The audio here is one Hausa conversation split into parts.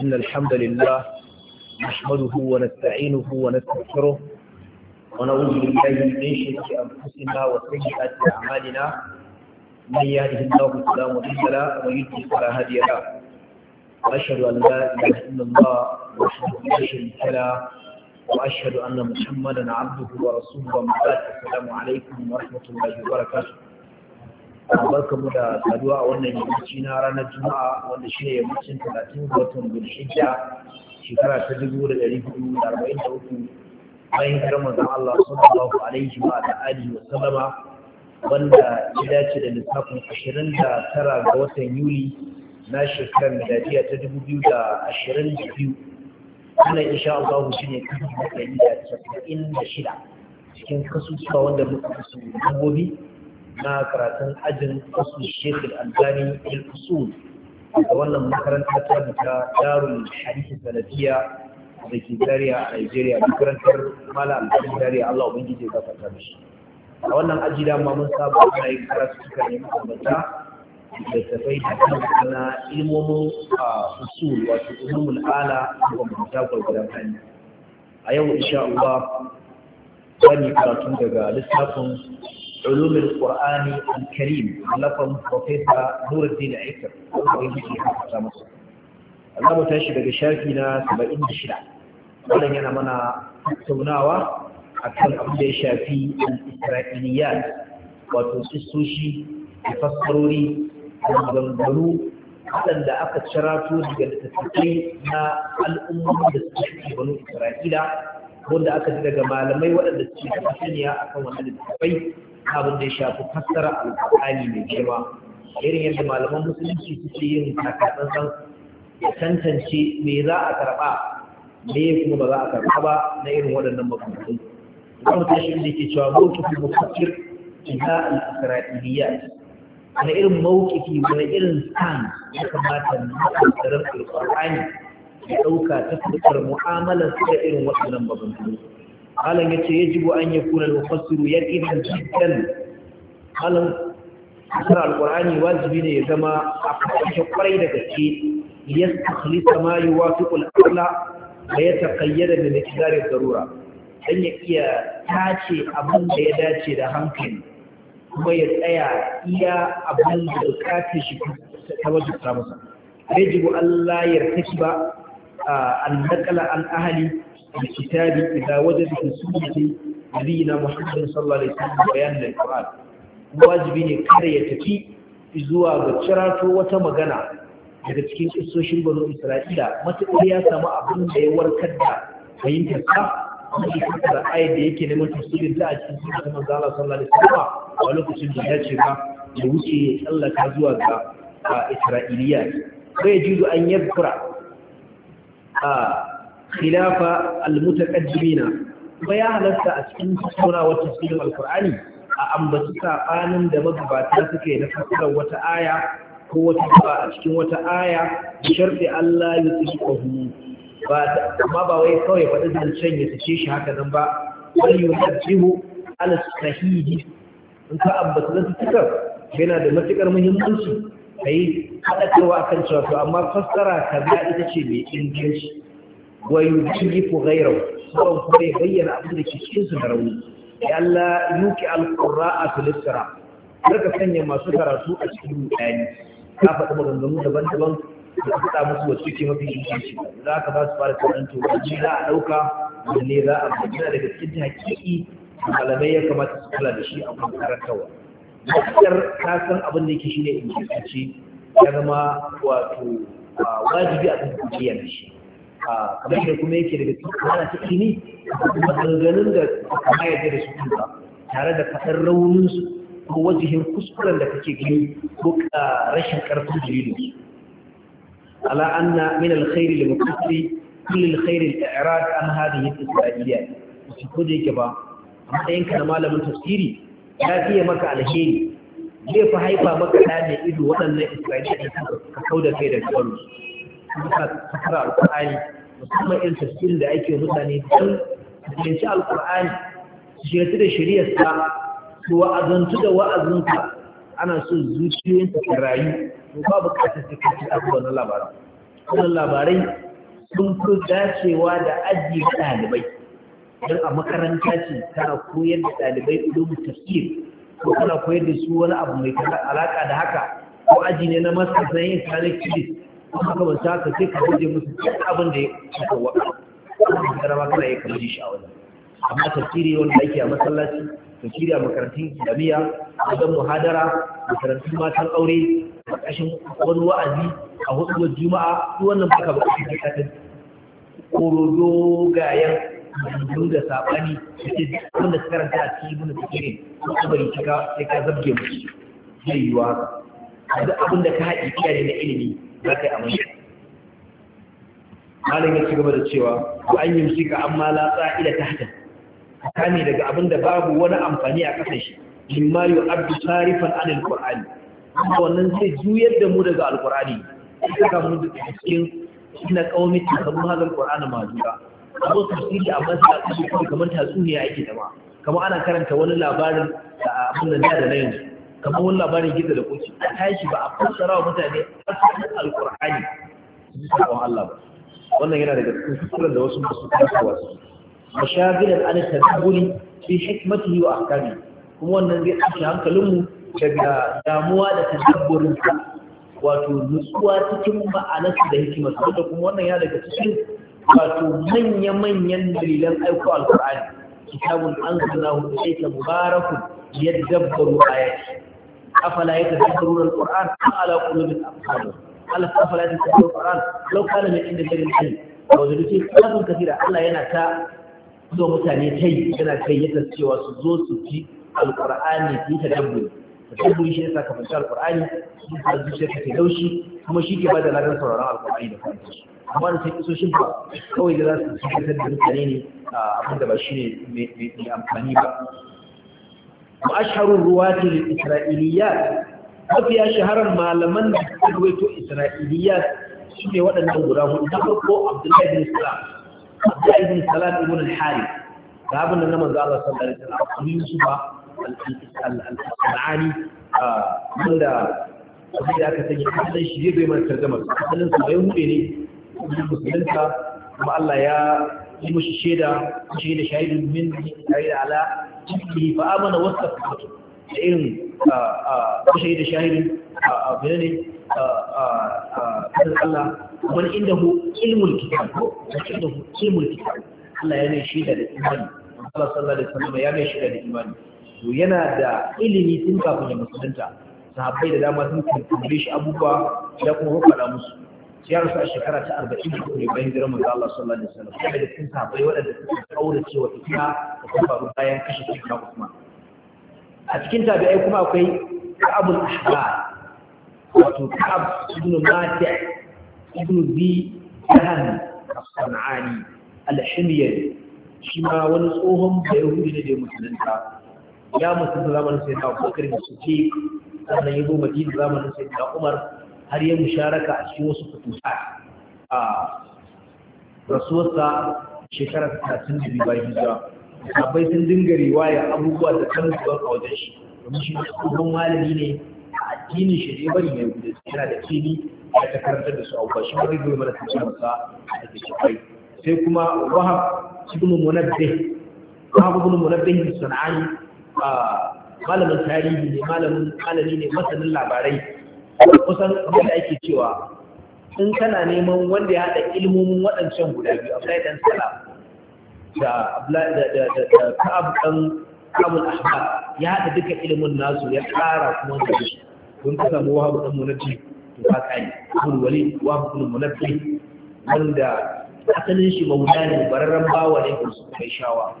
إن الحمد لله نحمده ونستعينه ونستغفره ونعوذ بالله من شرك أنفسنا وسيئات أعمالنا من يهده الله فلا مضل له ومن يضلل فلا هادي له وأشهد أن لا إله إلا الله وحده لا شريك له وأشهد أن محمدا عبده ورسوله ومن السلام عليكم ورحمة الله وبركاته barkamu da saduwa a wannan yammaci na ranar juma'a wanda shi ne yammacin talatin ga watan bulhijja shekara ta dubu da ɗari hudu da arba'in da uku bayan hijirar manzon Allah sallallahu alaihi wa alihi wa sallama wanda ya dace da lissafin ashirin da tara ga watan yuli na shekarar miladiya ta dubu biyu da ashirin da biyu wannan insha Allah shi ne kasu da ɗari da casa'in da shida cikin kasusuwa wanda muka kasu dabbobi na karatun ajin asu shekul albani il usul da wannan makaranta ta da darul hadisi sanadiyya da ke zariya a Nigeria makarantar mala albani zariya Allah ubangiji ya gafarta shi. a wannan aji dama mun saba ana yin karatu suka ne mabambanta da tafai da kan na ilmomin usul wato ulumul ala da mabambanta gwargwadon hanya a yau insha Allah zan yi karatu daga littafin علوم القرآن الكريم لكم بروفيسور نور الدين عيسى Allah mu tashi daga shafi na 76 wannan yana mana tattaunawa akan abin da ya shafi al-Isra'iliyat wato kistoci, da fassarori da waɗanda aka cirato daga littattafai na al'ummomin da suka shi banu Isra'ila wanda aka ji daga malamai waɗanda suke da masaniya akan wannan littattafai abin da ya shafi fassara alƙur'ani mai girma irin yadda malaman musulunci suke yin takatsantsan ya tantance me za a karɓa me kuma ba za a karɓa ba na irin waɗannan makamantu kuma tashin da ke cewa mawkifin mufassir ila al-isra'iliyat na irin mawkifi wani irin san ya kamata na al alƙur'ani ya ɗauka ta mu'amalar su da irin waɗannan makamantu malam yace yajibu an yakuna al ya yaqinan jiddan malam kasar alkur'ani wajibi ne ya zama a kasashe kwarai da gaske ya tsakali sama yi wa da ya takayyada da mikidarin garura don ya iya tace abin da ya dace da hankali kuma ya tsaya iya abin da bukatun shi ta wajen samusa rejibu allah ya tafi ba an nakala an ahali الكتاب إذا وجد في سنة نبينا محمد صلى الله عليه وسلم بيان القرآن wajibi ne kare ya tafi zuwa ga cirato wata magana daga cikin isoshin banu isra'ila matuƙar ya samu abin da ya warkar da fahimtar sa wani da ayat da yake neman tafsirin ta a cikin sunan ta manzo Allah a lokacin da ya ce da wuce ya tsallaka zuwa ga isra'iliya bai jizu an yadkura a khilafa almutaqaddimina kuma ya halarta a cikin sura wa tafsirin alqur'ani a ambaci sabanin da magabata suke na fassarar wata aya ko wata ba a cikin wata aya da sharfi Allah ya tsikihu ba amma ba wai kawai faɗi can ya tace shi haka nan ba wal yunajjihu ala sahihi in ka ambaci na tukar yana da matukar muhimmanci kai haɗa cewa kan cewa to amma fassara kaza ita ce mai inganci wa yujlifu ghayrahu sauran kuma ya bayyana abin da ke cikin su da rauni ya Allah yuki al-qurra'a fil isra ka sanya masu karatu a cikin rudani ka faɗi maganganu daban-daban da ka faɗa musu wacce ke mafi inganci za ka ba su fara karanto wani za a ɗauka wanne za a bayyana daga cikin hakiki malamai ya kamata su kula da shi a kan karantarwa matsar ka san abin da yake shine ingantacce ya zama wato wajibi a kan kujiyar shi kamar da kuma yake daga cikin ana ta ilimi maganganun da kama yadda da su ba tare da faɗar rauninsu ko wajihin kuskuren da kake gani ko rashin ƙarfin jiririnsu ala anna min alkhairi lil mukaffiri kull alkhair al-i'rad an hadhihi al-isra'iliyat shi ko yake ba matsayin ka na malamin tafsiri ya fiye maka alheri zai fa haifa maka da ido waɗannan isra'iliyat da ka kauda kai da kansu suka fara alƙur'ani musamman irin tafsirin da ake mutane don fahimci alƙur'ani su shirya da shari'arsa su wa'azantu da wa'azinka ana so zuciyoyin ta rayu ko ba bukatar sai ka abubuwan labarai wannan labarai sun fi dacewa da ajiye ɗalibai don a makaranta ce tana koyar da ɗalibai ilimin tafsir ko tana koyar da su wani abu mai alaƙa da haka ko aji ne na masu zai islamic kiris kuma ka sa ka sai ka guje musu duk abin da ya kawo kuma ka rama kana yi kamar shi a wajen amma tafsiri wanda ake a masallaci tafsiri a makarantun islamiyya wajen muhadara makarantun matan aure a ƙarƙashin wani wa'azi a hudu juma'a duk wannan baka ba ka ta Koro dogayen yanzu da saɓani da ce abin da karanta a cikin ibn kathir kuma kabari kika sai ka zabge musu zai yiwa da abin da ka haɗi kiyaye na ilimi za ka yi aminci malin ya ci gaba da cewa ko an yi shi ka amma la tsa'ila ta hatan kame daga abin da babu wani amfani a kasan shi mimma yu'addu sarifan anil qur'ani wannan zai juyar da mu daga alqur'ani saka mu da cikin inna qaumi takamu hadal qur'ana majura abu tafsiri amma sai a kashi kamar tatsuniya yake zama kamar ana karanta wani labarin da abin da da na yanzu kamar wani labarin gizo da kuci a tashi ba a fassara wa mutane a asalin alkur'ani su ji sabon Allah ba wannan yana daga cikin kuskuren da wasu masu kasawa su mashagilan an tadabburi fi hikmatihi wa ahkami kuma wannan zai tsaci hankalinmu daga damuwa da tadabburin sa wato nutsuwa cikin ma'anarsa da hikimarsa wanda kuma wannan yana daga cikin wato manya-manyan dalilan aiko alkur'ani kitabun an zana hudu sai ta mubarakun yadda baro ayati أفلا يتذكرون القرآن أم على قلوب أقسامهم أفلا يتذكرون القرآن لو كان من عند غير العلم وجدوا فيه خلاف كثيرة ألا ينأتى zo mutane kai yana kai yadda cewa su zo su ci alƙur'ani su yi tadabburi tadabburi shi ne sa kafin alƙur'ani su sa zuciyar ta taushi kuma shi ke bada ladan sauraron alƙur'ani da kanta amma da sai kisoshin ba kawai da za su fitar da mutane ne abin da ba shi ne mai amfani ba wa asharun ruwati lil isra'iliyat mafiya shaharar malaman da suka ruwaito isra'iliyat su ne waɗannan guda hudu na farko abdullahi bin salam abdullahi bin salam ibn al-harith sahabin nan na manzo Allah sallallahu alaihi wasallam abu yusuf al-sanani wanda abin da aka sanya asalin shi zai bai mana tarjamar asalin sa bai hude ne musulunta kuma Allah ya yi mushi shaida shaida shahidun min isra'ila ala jikiri fa amana wasta fito da irin kushe da shahirin, a birnin ƙasar Allah wani inda hu ilmul kitab wani inda hu ilmul kitab Allah ya mai shida da imani Allah sallallahu alaihi wasallam ya mai shida da imani to yana da ilimi tun kafin ya musulunta sahabbai da dama sun tambaye shi abubuwa ya kuma faɗa musu ya rasu a shekara ta arba'in da kuma bayan jiran manzo Allah sallallahu alaihi wasallam kuma da cikin sahabbai waɗanda suka kaura cewa fitina da kuma faru bayan kashe cikin Usman a cikin tabi'ai kuma akwai Ka'ab al-Ahbar wato Ka'ab ibn Mati' ibn Bi Dan as-Sanani al-Himyari shi ma wani tsohon bayahudi ne da ya musulunta ya musulunta zamanin sai na Abubakar da Siddiq sannan ya zo Madina zamanin sai na Umar har yi musharaka a cikin wasu kutusa a rasuwarsa shekara 32 bayan hijira sabai sun dinga riwaya abubuwa da kan zuwan a wajen shi domin shi kuma malami ne a addinin shi ne bari mai gudu yana da kini ya ta karantar da su abubuwa shi wani gobe mana sun masa da ke cikai sai kuma wahab ibn munabbih wahab ibn munabbih sana'ani malamin tarihi ne malamin malami ne masanin labarai kusan yadda ake cewa in kana neman wanda ya haɗa ilmomin waɗancan guda biyu abdullahi dan salam da ka'ab ɗan kabul ahmad ya haɗa duka ilimin nasu ya ƙara kuma da shi kun ka samu wahabu ɗan ji, to ka kai abul wali wahabu ɗan munabbi wanda asalin shi mauda ne bararren bawa ne ko su kai shawa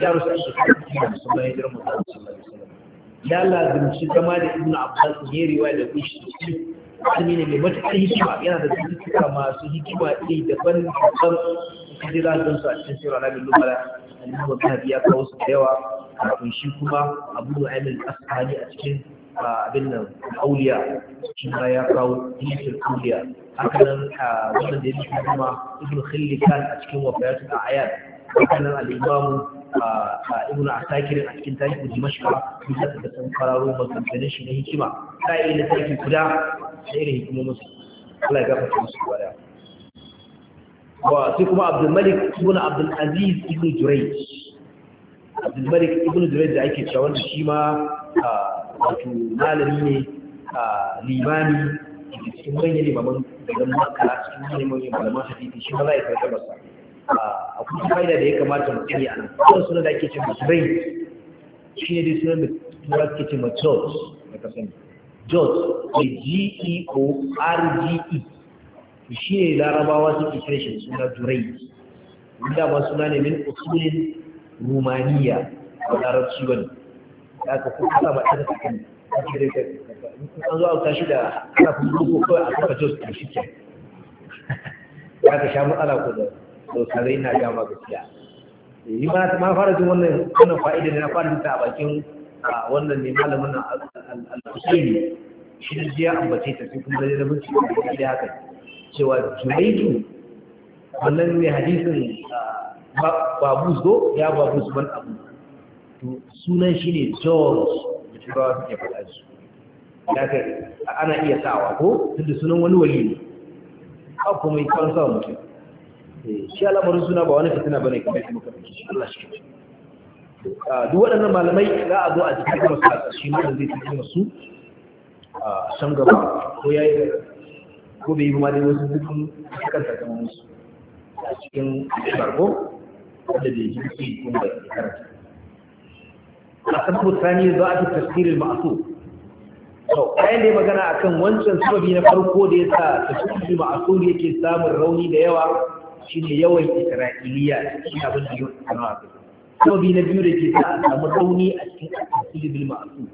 ya rusa shi kan kuma musamman ya jirma da musamman ya lazimci zama da ibn abbas ne riwaya da kushi azumi ne mai matuƙar hikima yana da cututtuka masu hikima ɗai daban daban kaji za su a cikin sura labin lumara annabi ta biya kawo su da yawa kafin shi kuma abu da amin asali a cikin abin nan auliya shi ma ya kawo hikimar auliya haka nan a wannan da ya kuma ibn khillikan a cikin wafayatul ayat haka nan al ibn asakir a cikin tarihi dimashqa bisa da san fararo maganganun shi na hikima ta yi na sarki guda da irin hikimomin su Allah ya gafarta musu gwada wa sai kuma Abdul Malik ibn Abdul Aziz ibn Jurayj Abdul Malik ibn Jurayj da ake cewa wannan shi ma wato malami ne da cikin manyan limaman garin Makka cikin manyan malaman hadisi shi ma za a yi karɓar sa a fa'ida da ya kamata mu tsiri a nan kuma suna da ake ce masu bai shi ne dai suna da tura ke ce ma na kasan ka da g-e-o-r-g-e e. shi ne larabawa suke kira shi suna durai wanda ma suna ne min usulin rumaniya a larar ciwon da aka kuma kasa ba ɗaga kakan an zo auta shi da ana kuma kawai a kafa jot da shi ke ya ka sha matsala ko da to kare na ga ba gaskiya yi eh, ma ta fara jin wannan wannan fa'ida na fara ta a bakin wannan ne malamin al-Husaini shi da jiya ambace ta kuma da da mutum da haka cewa Junaidu wannan ne hadisin babu zo ya su man abu to sunan shi ne George da turawa suke faɗa shi daga ana iya sawa ko tunda sunan wani wali ne ba kuma yi kan sa mutum Eh, shi al'amarin suna ba wani fitina bane kamar yadda muka fice Allah shi duk waɗannan malamai za a zo a cikin masu a ƙarshe malam zai cikin masu a can gaba ko ya yi ko bai yi ma dai wasu dukkan kan tattaman musu a cikin barko wadda bai ji su kun da karanta a sababu mutane za a fi tasirin ma'asu sau bayan da ya magana akan wancan sababi na farko da ya sa tasirin ma'asu yake samun rauni da yawa shi ne yawan isra'iliya cikin abin da yau ta nawa kai sababi na biyu da ke sa a samu rauni a cikin asiri bil ma'asu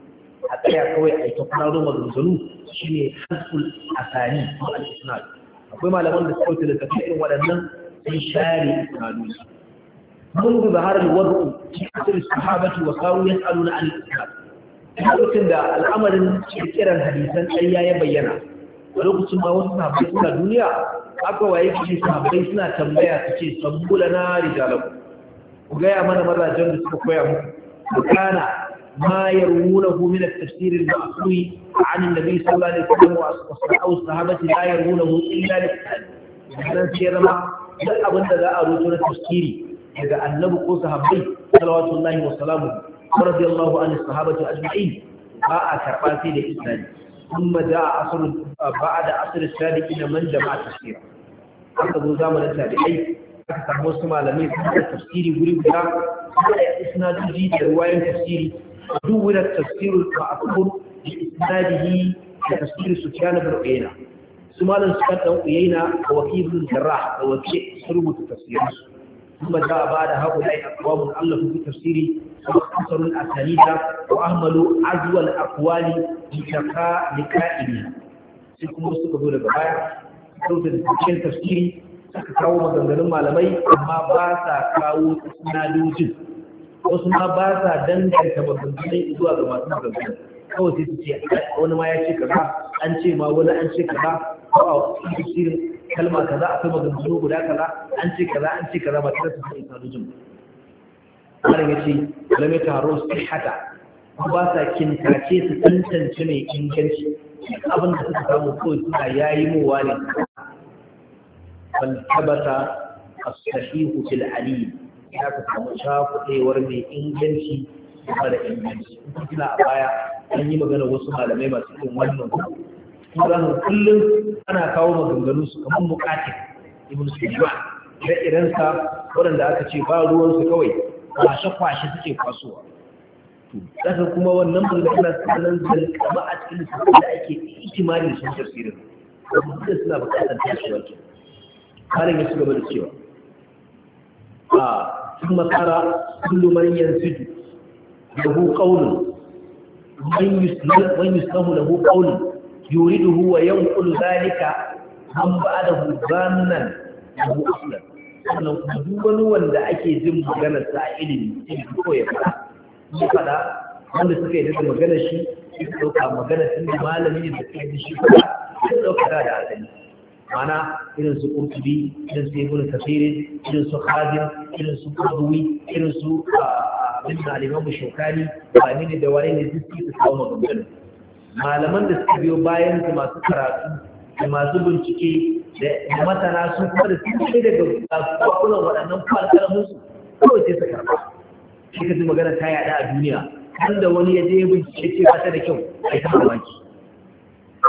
a tsaya kawai a ita kwararrun maganganu shi ne hasul asani ko al-isnad akwai malaman da suka da tafi irin waɗannan sun share isnadu منذ ظهر الوضع في عصر الصحابة وصاروا يسألون عن الإسلام lokacin da al'amarin kirkirar hadisan ɗaya ya bayyana a lokacin ma wasu sahabbai suna duniya aka waye kishi sahabbai suna tambaya su ce sambula na rijalaku ku gaya mana mazajen da suka koya muku ku kana ma yarwunahu min at-tafsir al-ma'quli an an-nabi sallallahu alaihi wasallam wa sahabati la yarwunahu illa lil-qur'an sai zama duk abin da za a rubuto na tafsiri daga annabi ko sahabbai sallallahu alaihi wasallam radiyallahu anhu sahabati ajma'in ba a karba sai da isnadi ثم جاء أصل بعد أصل السابقين من جمع تفسيرا haka zo zamanin tabi'ai aka samu wasu malamai da tafsiri guri guda da isnadoji da ruwayan tafsiri duk wani tafsirul ma'akur da isnadihi da tafsir Sufyan ibn su malam Sufyan ibn Uyayna da Waqi ibn da Waqi sun rubuta tafsirin su kuma da ba da haƙuri ai aqwamun Allah tafsiri وقصروا الأسانيدة وأهمل عزو الأقوال لشقاء لكائنها سيكون مستقى دولة بقايا سيكون تتكين تفسيري kawo maganganun malamai amma ba sa kawo sinadojin wasu ma ba sa danganta maganganun zuwa ga masu maganganun kawai sai su ce wani ma ya ce ka ba an ce ma wani an ce ka ba ko a cikin kalma kaza akwai maganganu guda kaza an ce kaza an ce kaza ba tare da sinadojin ba malam ya ce lam ta taro kuma ba sa kintace su tantance mai inganci abin da suka samu ko suna yayi mowa ne bal tabata as-sahihu fil alim ya ka samu cakudewar mai inganci ba da inganci kuma a baya an yi magana wasu malamai masu irin wannan kuma kullum ana kawo maganganu su kamar mukatin ibn sulaiman da irensa waɗanda aka ce ba ruwansu kawai kwashe-kwashe suke kwasowa daga kuma wannan bulgana sanan zalkama a cikin littafi da ake ikimanin sun tafsirin da suna bukatar tashewar ke karin ya su gaba da cewa a cikin matsara kullum manyan sudu da hu kaunin man yusufu da hu kaunin da huwa yankul zalika an hu zannan da hu aslan sannan kuma duk wani wanda ake jin maganar sa a ilimi ilimi ko ya fada ya fada wanda suka yi da maganar shi su ɗauka maganar sun da malami da suka yi shi ɗauka da asali mana irin su kurtubi irin su ibn kafirin irin su khadim irin su kurduwi irin su bin alimamu shokani ba ne da wani ne duk su kawo maganganu malaman da suka biyo bayan su masu karatu da masu bincike da masana su kuma da sun daga kakunan waɗannan kwantar musu kawai sai su karɓa shi ka ji magana ta yaɗa a duniya wanda wani ya je bincike ce ba ta da kyau a yi kama mamaki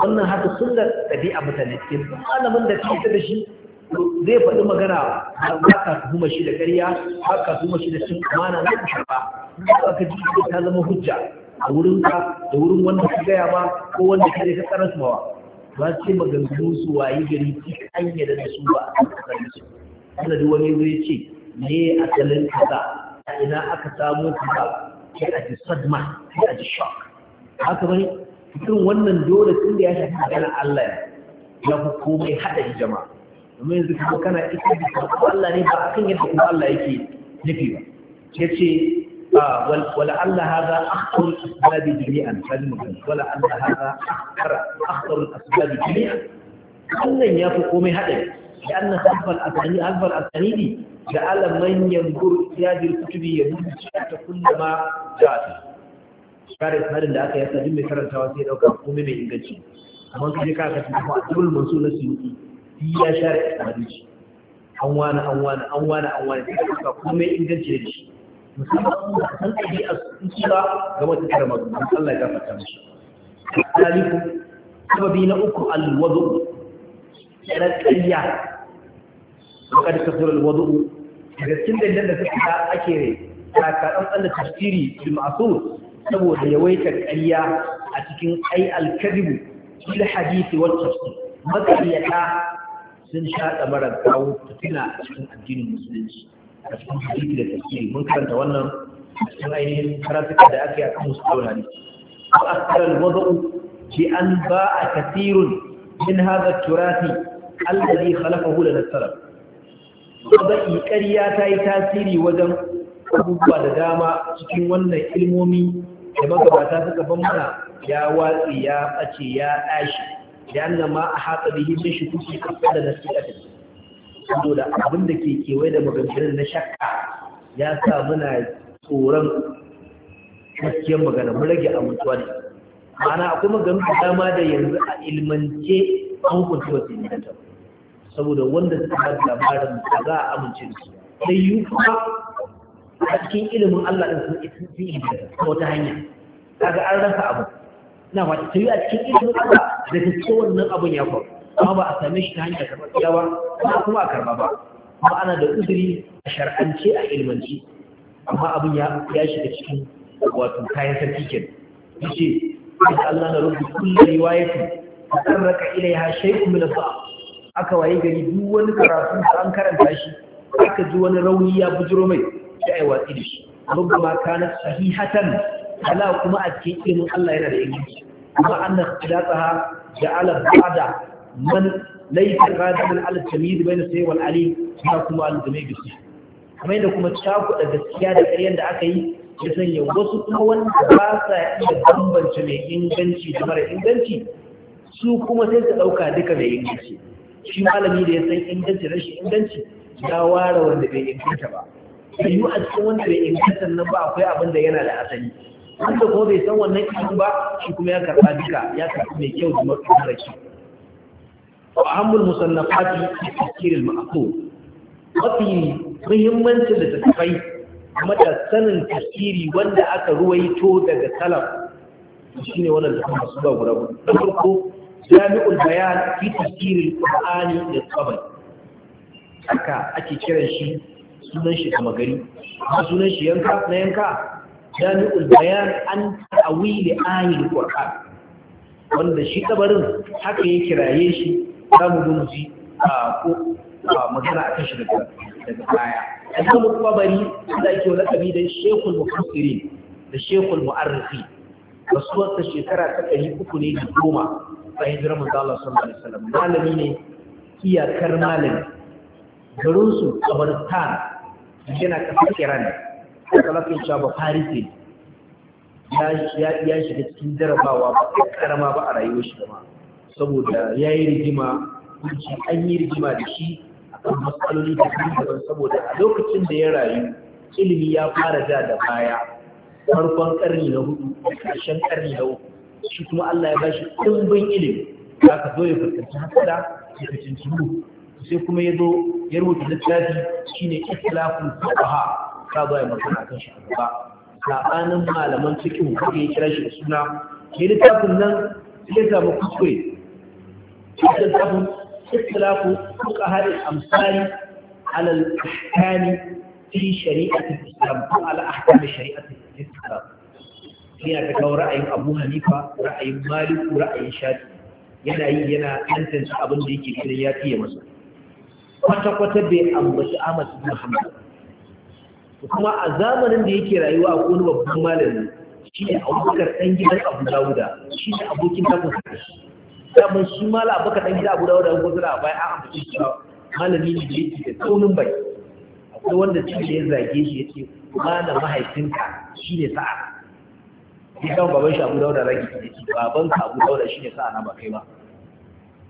wannan haka sunnar a mutane cikin malamin da ta yi da shi zai faɗi magana ba ka kuma shi da ƙarya ba ka kuma shi da cin amana na karɓa. ba ba ka ji ta zama hujja a wurinka da wurin wanda ka gaya ba ko wanda ka je ka karasmawa. ba ce maganganu su wayi gari duk an yarda da su ba a kan su ana da wani zai ce ne asalin kaza a ina aka samu kaza ke a ji sadma ke a ji shock haka bane cikin wannan dole tun da ya shafi magana Allah ya ya fi komai haɗari jama'a domin yanzu kuma kana ita da Allah ne ba akan yadda kuma Allah yake nufi ba yace ولعل هذا أخطر الأسباب جميعا كلمة ولعل هذا أخطر أخطر الأسباب جميعا أن يفقوا من هذا لأن خلف الأسانيد خلف الأسانيد جعل من ينظر إلى هذه الكتب ta الشيعة ma ما جاءت kare tsarin da aka yi duk mai karantawa sai dauka komai mai inganci amma kaje ka ka tafi Abdul Mansur na Suyuti ya share hadisi an wani an wani an wani an wani sai ka komai inganci da shi musamman a san ɗabi'a su ci ba ga wata karama don Allah ya gafarta musu talibu sababi na uku alwadu yana ƙarya maka da kafin alwadu daga cikin dalilan da suka ta ake takaɗan Allah tafsiri bil ma'sur saboda yawaitar ƙarya a cikin ai alkadibu fil hadisi wal tafsir makariyata sun sha ɗamarar kawo fitina a cikin addinin musulunci a cikin hadisi da tafsiri mun karanta wannan cikin ainihin karatuka da aka yi a kan musu daura ne wa akarar wazau an ba a kasirun min haza turati allazi khalafahu lana salaf wazai ƙarya ta yi tasiri wajen abubuwa da dama cikin wannan ilmomi da magabata suka ban mana ya watsi ya bace, ya ɗashi da annama a hatsa bihi min shi kuke kasa da nasiƙa saboda abin da ke kewaye da maganganun na shakka ya sa muna tsoron cikin magana mun rage mutuwa ne Mana akwai maganganu da dama da yanzu a ilmance an kunci wasu ta. saboda wanda suka ba labarin da za a amince da su sai yi kuma a cikin ilimin Allah ɗin sun isi fi yi ta wata hanya kaga an rasa abu na wata ta yi a cikin ilimin Allah da ta ce wannan abin ya faru amma ba a same shi ta hanyar karɓar ba ba kuma a karɓa ba kuma ana da uzuri a shar'ance a ilmanci amma abin ya shiga cikin wato kayan sarki ke ya ce da Allah na rubuta kullum riwayatu a tsarraka ilaiha shaikun min ba aka waye gari duk wani karatu da an karanta shi aka ji wani rauni ya bujiro mai sai ai watsi da shi kuma a cikin ألا allah yana إن الله يرى gida tsaha da جعل بعد man laifin radimin al-tamiz bai na sai ali ya kuma al da bisu kamar yadda kuma cakuɗa gaskiya da ƙaryen da aka yi ya sanya wasu kuma wanda ba sa iya bambance mai inganci da mara inganci su kuma sai su ɗauka duka mai inganci shi malami da ya san inganci rashin inganci ya ware wanda bai inganta ba da yi a cikin wanda bai inganta nan ba akwai abin da yana da asali wanda kuma bai san wannan ilimin ba shi kuma ya karɓa duka ya karɓi mai kyau da mara kyau وأهم المصنفات في التفكير المعقول mafi muhimmancin da tafai mata sanin tafsiri wanda aka ruwaito daga salaf shi ne wannan da masu ba guda da farko jami'ul bayan fi tafsirin qur'ani da ake kiran shi sunan shi kama gari ba sunan shi yanka na yanka jami'ul bayan an ta'awili ayatul qur'an wanda shi tsabarin haka ya kiraye shi za mu zo mu ji ko magana a kashi daga daga baya imam al-qabari da yake lakabi da shekul mufassirin da shekul mu'arrifi rasuwarsa shekara ta ɗari uku ne da goma bayan jiran Allah sallallahu alaihi wasallam malami ne iyakar malami garinsu su Afghanistan yana kasar Iran aka lafi cewa ba Farisi ya ya shiga cikin jarabawa ba ƙarama ba a rayuwar shi ba saboda ya yi rigima kunci an yi rigima da shi a kan matsaloli da daban saboda a lokacin da ya rayu ilimi ya fara da da baya farkon karni na hudu da ƙarshen karni na uku shi kuma Allah ya bashi ɗimbin ilimi za ka zo ya fuskanci hasada ya fuskanci mu sai kuma ya zo ya rubuta littafi shine islafin fuqaha ka zo ya magana kan shi gaba sabanin malaman cikin ya kira shi da suna ke littafin nan sai ya samu kuskure يتلزم اختلاف فقهاء الأمثال على الأحكام في شريعة الإسلام أو على أحكام شريعة الإسلام هنا تكون ra'ayin أبو حنيفة رأي مالك ورأي شافعي yana yi yana tantance abin da yake kiran ya fiye masa kwata-kwata bai ambaci Ahmad bin Hanbal kuma a zamanin da yake rayuwa a wani babban malami shi ne abubakar ɗan gidan Abu Dawuda shi ne abokin tafin shi damar shi mala abu ka ɗan gida abu da da abu zura bayan an amfani shi ba malami ne da yake da tsaunin bai akwai wanda cikin da ya zage shi ya ce na mahaifinka shi ne sa'a ya kawo baban shi abu dawo da rage ya ce babanka abu da da shi ne sa'a na ba kai ba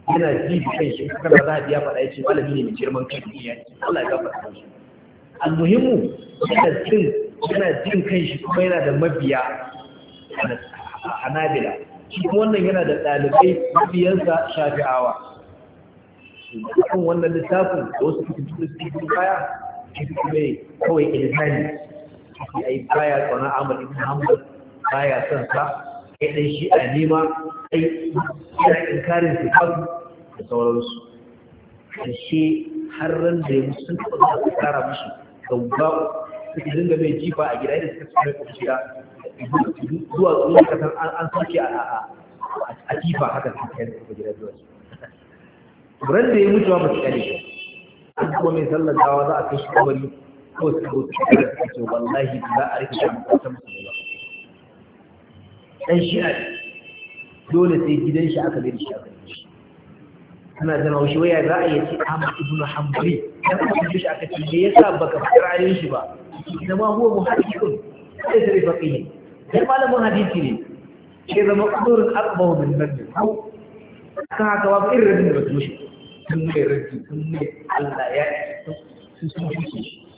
yana ji da kan shi kan da a ya faɗa ya ce malami ne mai girman kai ya ce Allah ya gafarta shi almuhimmu yana jin yana jin kan shi kuma yana da mabiya a Hanabila shi wannan yana da ɗalibai mabiyansa shafi'awa cikin wannan littafin da wasu fitattun cikin baya shi mai kawai ilhani shi ai baya tsanan amal ibn hanbal baya son sa kai dan shi a nema kai yana inkarin kasu da sauransu shi har ran da ya musu sun taɓa kara mushi gauba suka dinga mai jifa a gida da suka tsaye kwanciya zuwa zuwa kasar an soke a jifa haka suka tsaye da gida zuwa ran da ya mutu ba su kare an kuma mai sallar gawa za a kai shi kamari ko su kawo su kare su ce wallahi za a rike shi mutum su ne ba dan shi a dole sai gidan shi aka bai da shi aka yi shi suna jin haushi waya za a iya ce Ahmad ibn Hanbali dan aka ji shi aka ce me yasa baka fara ra'ayin shi ba idan ma huwa muhaddithun sai sai faqih dan malamin hadisi ne ke zama qudurun aqbahu min nabi ko ka haka ba irin da ba shi sun mai rajin sun mai Allah ya sun sun shi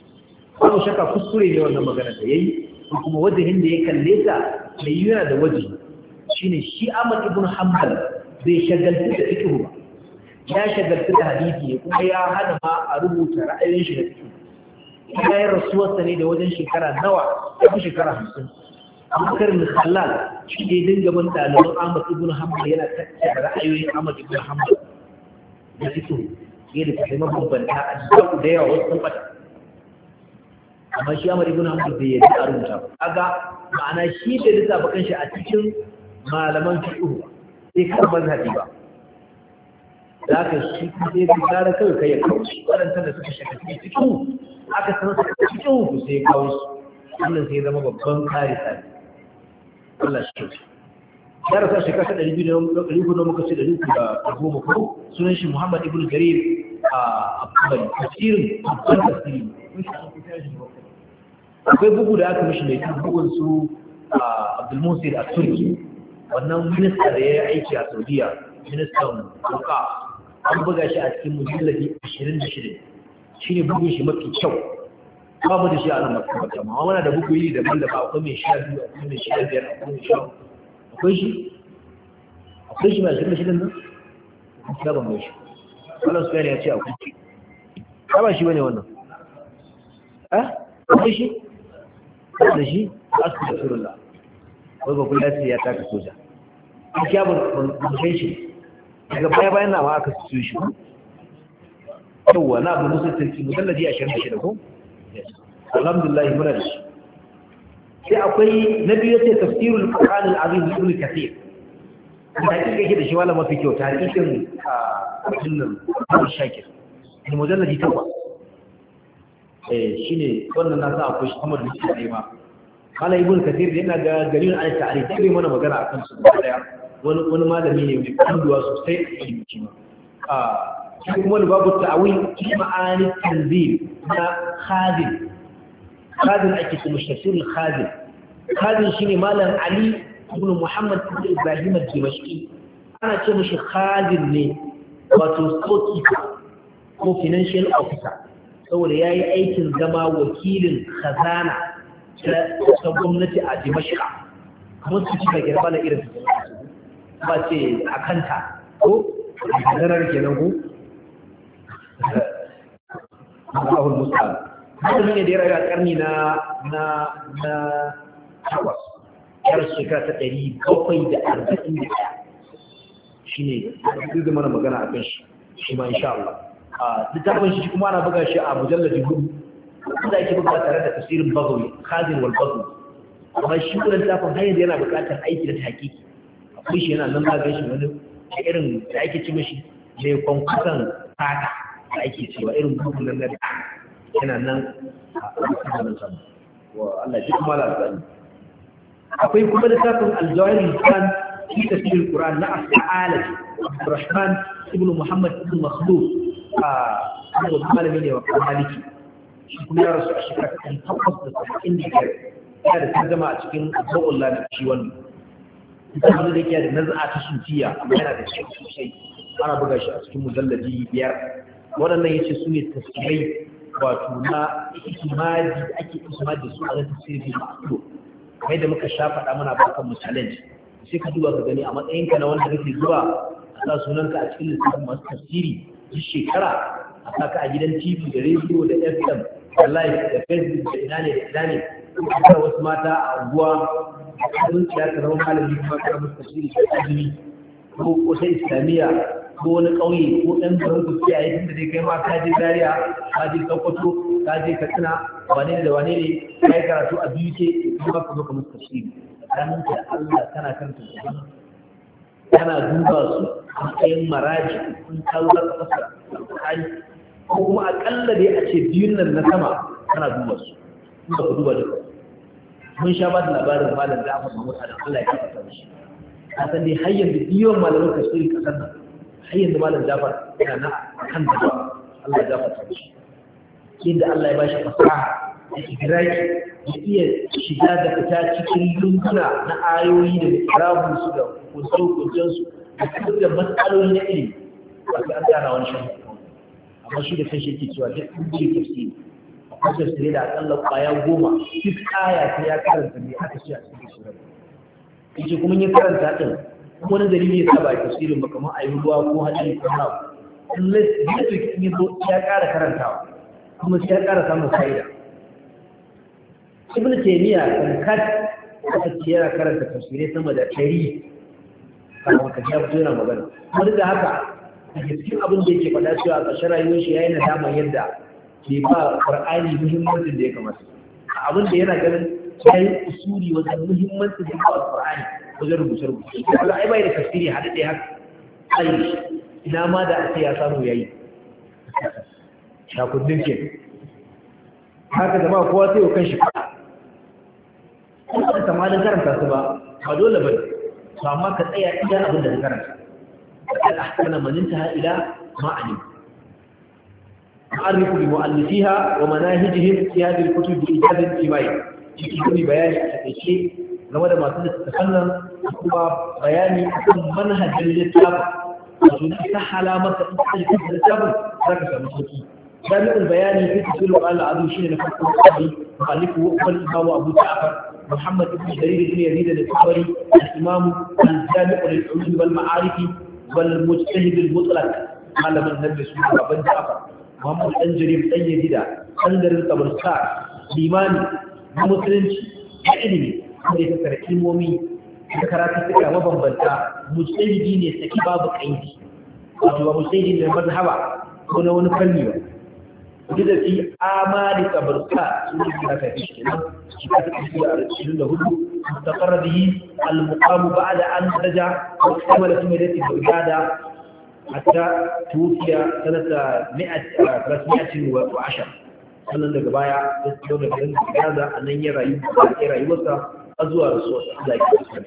babu shaka kuskure ne wannan magana da yayi kuma wajihin da ya kalle ta mai yana da wajihi shine shi Ahmad ibn Hanbal bai shagaltu da fiqh ba ya shagartu da hadisi ya kuma ya hana ma a rubuta ra'ayin shi da suke Ya yi rasuwarsa ne da wajen shekara nawa kuma shekara hamsin abubakar halal shi ne dinga bin ɗaliban ahmad ibn hamad yana tattara ra'ayoyin ahmad ibn hamad da fito ya da kai mabambanta a duk da yawa wasu tabbata amma shi ahmad ibn hamad bai yadda a rubuta ba ga ma'ana shi da lissafa kanshi a cikin malaman fiqh sai kan mazhabi ba za ka shi sai ka gara kawai kai ya kawo shi waɗansan da suka shaka cikin cikin aka san su cikin ku sai ya kawo su wannan sai zama babban kare tsari Allah shi kyau ya rasa a shekara ɗari biyu da ɗari da muka ce ɗari hudu da goma ko sunan shi Muhammad ibn Jarir a Abubakar tasirin babban tasiri akwai bugu da aka mishi mai kan bugun su Abdul Musa a Turki wannan minista da ya yi aiki a Saudiya ministan Buka an buga shi a cikin mujallabi 26 shine bugun shi mafi kyau babu da shi a nan masu jama'a muna da bugu iri daban da ba akwai mai sha biyu akwai mai sha biyar akwai mai sha akwai shi akwai shi mai ashirin da nan ya ban mai shi wannan su ya ce akwai shi ta ba shi bane wannan eh akwai shi da shi asu da surullah wai ba kula ya taka soja in kya ban ban shi ne. daga baya bayan na ma aka su shi yawwa na abu musul mu mutallaji a shirin shi da ku alhamdulillah muna da shi sai akwai na biyu sai tafsirul qur'an al-azim ibn kathir da hakika yake da shi wala mafi kyau tarihin sunan ah, Abu Shakir ne mujallaji ba eh shine wannan na sa akwai shi kuma da shi ma kala ibn kathir yana ga garin al-ta'rif sai mana magana akan su daya wani wani malami ne mai kanduwa sosai a cikin ah shi kuma babu ta'awil fi ma'ani tanzil na khadim khadim ake kuma tafsir al-khadim khadim shine malam ali ibn muhammad ibn ibrahim al-dimashqi ana ce mishi khadim ne wato stokifa ko financial officer saboda yayi aikin zama wakilin khazana ta gwamnati a dimashika kamar su cika girma na irin su ba ce a kanta ko zanar kenan ko Allahul Musta'an mutum ne da ya rayu a karni na na na takwas yar shekara ta ɗari bakwai da arba'in da ya shi ne duk da mana magana a kan shi shi ma insha Allah littafin shi kuma ana buga shi a mujallar jihun da ake buga tare da tafsirin bazawi khazin wal bazawi amma shi wannan tafin har yanzu yana buƙatar aiki da hakiki akwai shi yana nan ba ga shi wani irin da ake ci mishi mai kwankwasan fata da ake cewa irin bugun nan da yana nan a kan sama wa Allah shi kuma lafiya akwai kuma littafin al-jawahir kan في تفسير القرآن لا أفعال عبد Ibn ابن محمد ابن malami ne المالمين ومالكي shi kuma ya rasu a shekara ta takwas da saba'in da biyar yana da ta zama a cikin zaɓin lana shi wannan ita hannu da yake da naza'a ta sufiya amma yana da shi sosai ana buga shi a cikin mujallaji biyar waɗannan ya ce su ne tasirai wato na ikimadi da ake ikimadi da su a zata sirri a kudu Kai da muka sha faɗa mana bakan mu challenge sai ka duba ka gani a matsayinka na wanda kake zuwa a sa sunanka a cikin lissafin masu tasiri duk shekara a saka a gidan tv da rediyo da fm da live da facebook da ina ne da ina kuma wasu mata a unguwa sun ya ka zama malami kuma ka musu tafsiri da azumi ko ko sai islamiyya ko wani ƙauye ko ɗan garin ku sai yayin da dai kai ma ka je zariya ka je Sokoto ka je Katsina wane ne da wane ne kai karatu a UK kuma ka zo ka musu tafsiri ranar Allah kana kan tafsiri kana duba su a matsayin maraji in kawo ka fasara alƙur'ani ko kuma akalla dai a ce biyun nan na sama kana duba su kuma ku duba duka mun sha ba da labarin malam da aka samu adam Allah ya kafa shi a san dai har yanzu biyon malamin ka tafsiri kasar nan har yanzu malam Jafar yana na kan da Allah ya gafarta shi Inda Allah ya bashi fasaha da idraki ya iya shiga da fita cikin lunguna na ayoyi da rabu su da kunso kuncensu da kuma da matsaloli na ilimi ba sai an tsara wani shafi amma shi da kanshi yake cewa duk in ce tafsiri akwai ne da akalla kwaya goma duk aya ta ya karanta ne aka ce a cikin in ce kuma ya karanta kuma wani dalili ya saba ba tafsirin ba kamar yi ruwa ko hadari ko na in lalle in yazo ya ƙara karantawa kuma ya ƙara samun fa'ida ibnu taymiya kan kat aka ce yana karanta tafsirai sama da tari kafin ka ji abu yana magana kuma duk da haka daga cikin abin da yake faɗa cewa a ƙarshen rayuwar shi ya yi nadama yadda ke ba ƙur'ani muhimmancin da ya kamata abin da yana ganin ya yi usuri wajen muhimmancin da ba ƙur'ani wajen rubuce-rubuce kuma ai bai da tafsiri haɗe da haka ai ina ma da ake ya samu yayi shakundin ke haka zama kowa sai wa kanshi faɗa kuma da samanin karanta su ba ba dole ba ne to amma ka tsaya idan abin da ka karanta أحسن من انتهى إلى معلم علم أعرف لمؤلفيها ومناهجهم في هذه الكتب بإجازة إيماية في كتب بيان الشيء نمد ما تجد تتفنن هو بيان أكون منهج للتابع وجناء سحلا مرسا إنسان يكون للتابع ذاك سمسكي كان من البيان في تسلو قال العظيم شين نفسه الصحي مؤلفه أول إمام أبو جعفر محمد بن جرير بن يزيد الإسماري الإمام الجامع للعلوم والمعارف bal mujtahidul mutlaq malamin nan da su baban Ja'far Muhammad dan Jarir dan Yazida dan garin Tabarka limani na musulunci da ilimi sai ya karki momi da karatu suka mabambanta mujtahidi ne saki babu kaidi wato ba mujtahidi ne madhhaba ko na wani fanni ba da fi amali kabarka sun yi haka kafin kenan shi ka ta fi a rikin da hudu da bihi al-muqam ba'da an raja wa kamala fi madati ibada hatta tufiya sanata 110 ah, sannan daga baya ya tsoro da garin gaza a nan ya rayu da ya rayuwarsa a zuwa wasu Allah ya kasa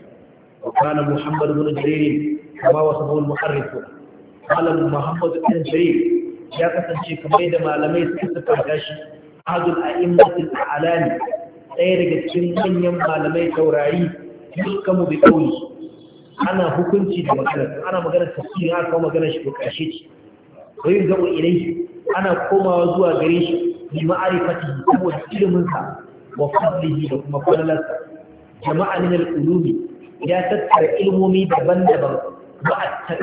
wa kana Muhammad ibn Jarir kama wasafahu al-muharrif qala muhammadu ibn Jarir ya kasance kamar da malamai sun suka shi azul a'immatul a'lani ɗaya daga cikin manyan malamai taurari mu bi qawli ana hukunci da magana ana magana tafsiri ana kuma magana shi ko kashe ce wai ga ilai ana komawa zuwa gare shi bi ma'arifatihi saboda ilimin sa wa fadlihi da kuma fadlarsa jama'a min al ya tattara ilmomi daban-daban ba a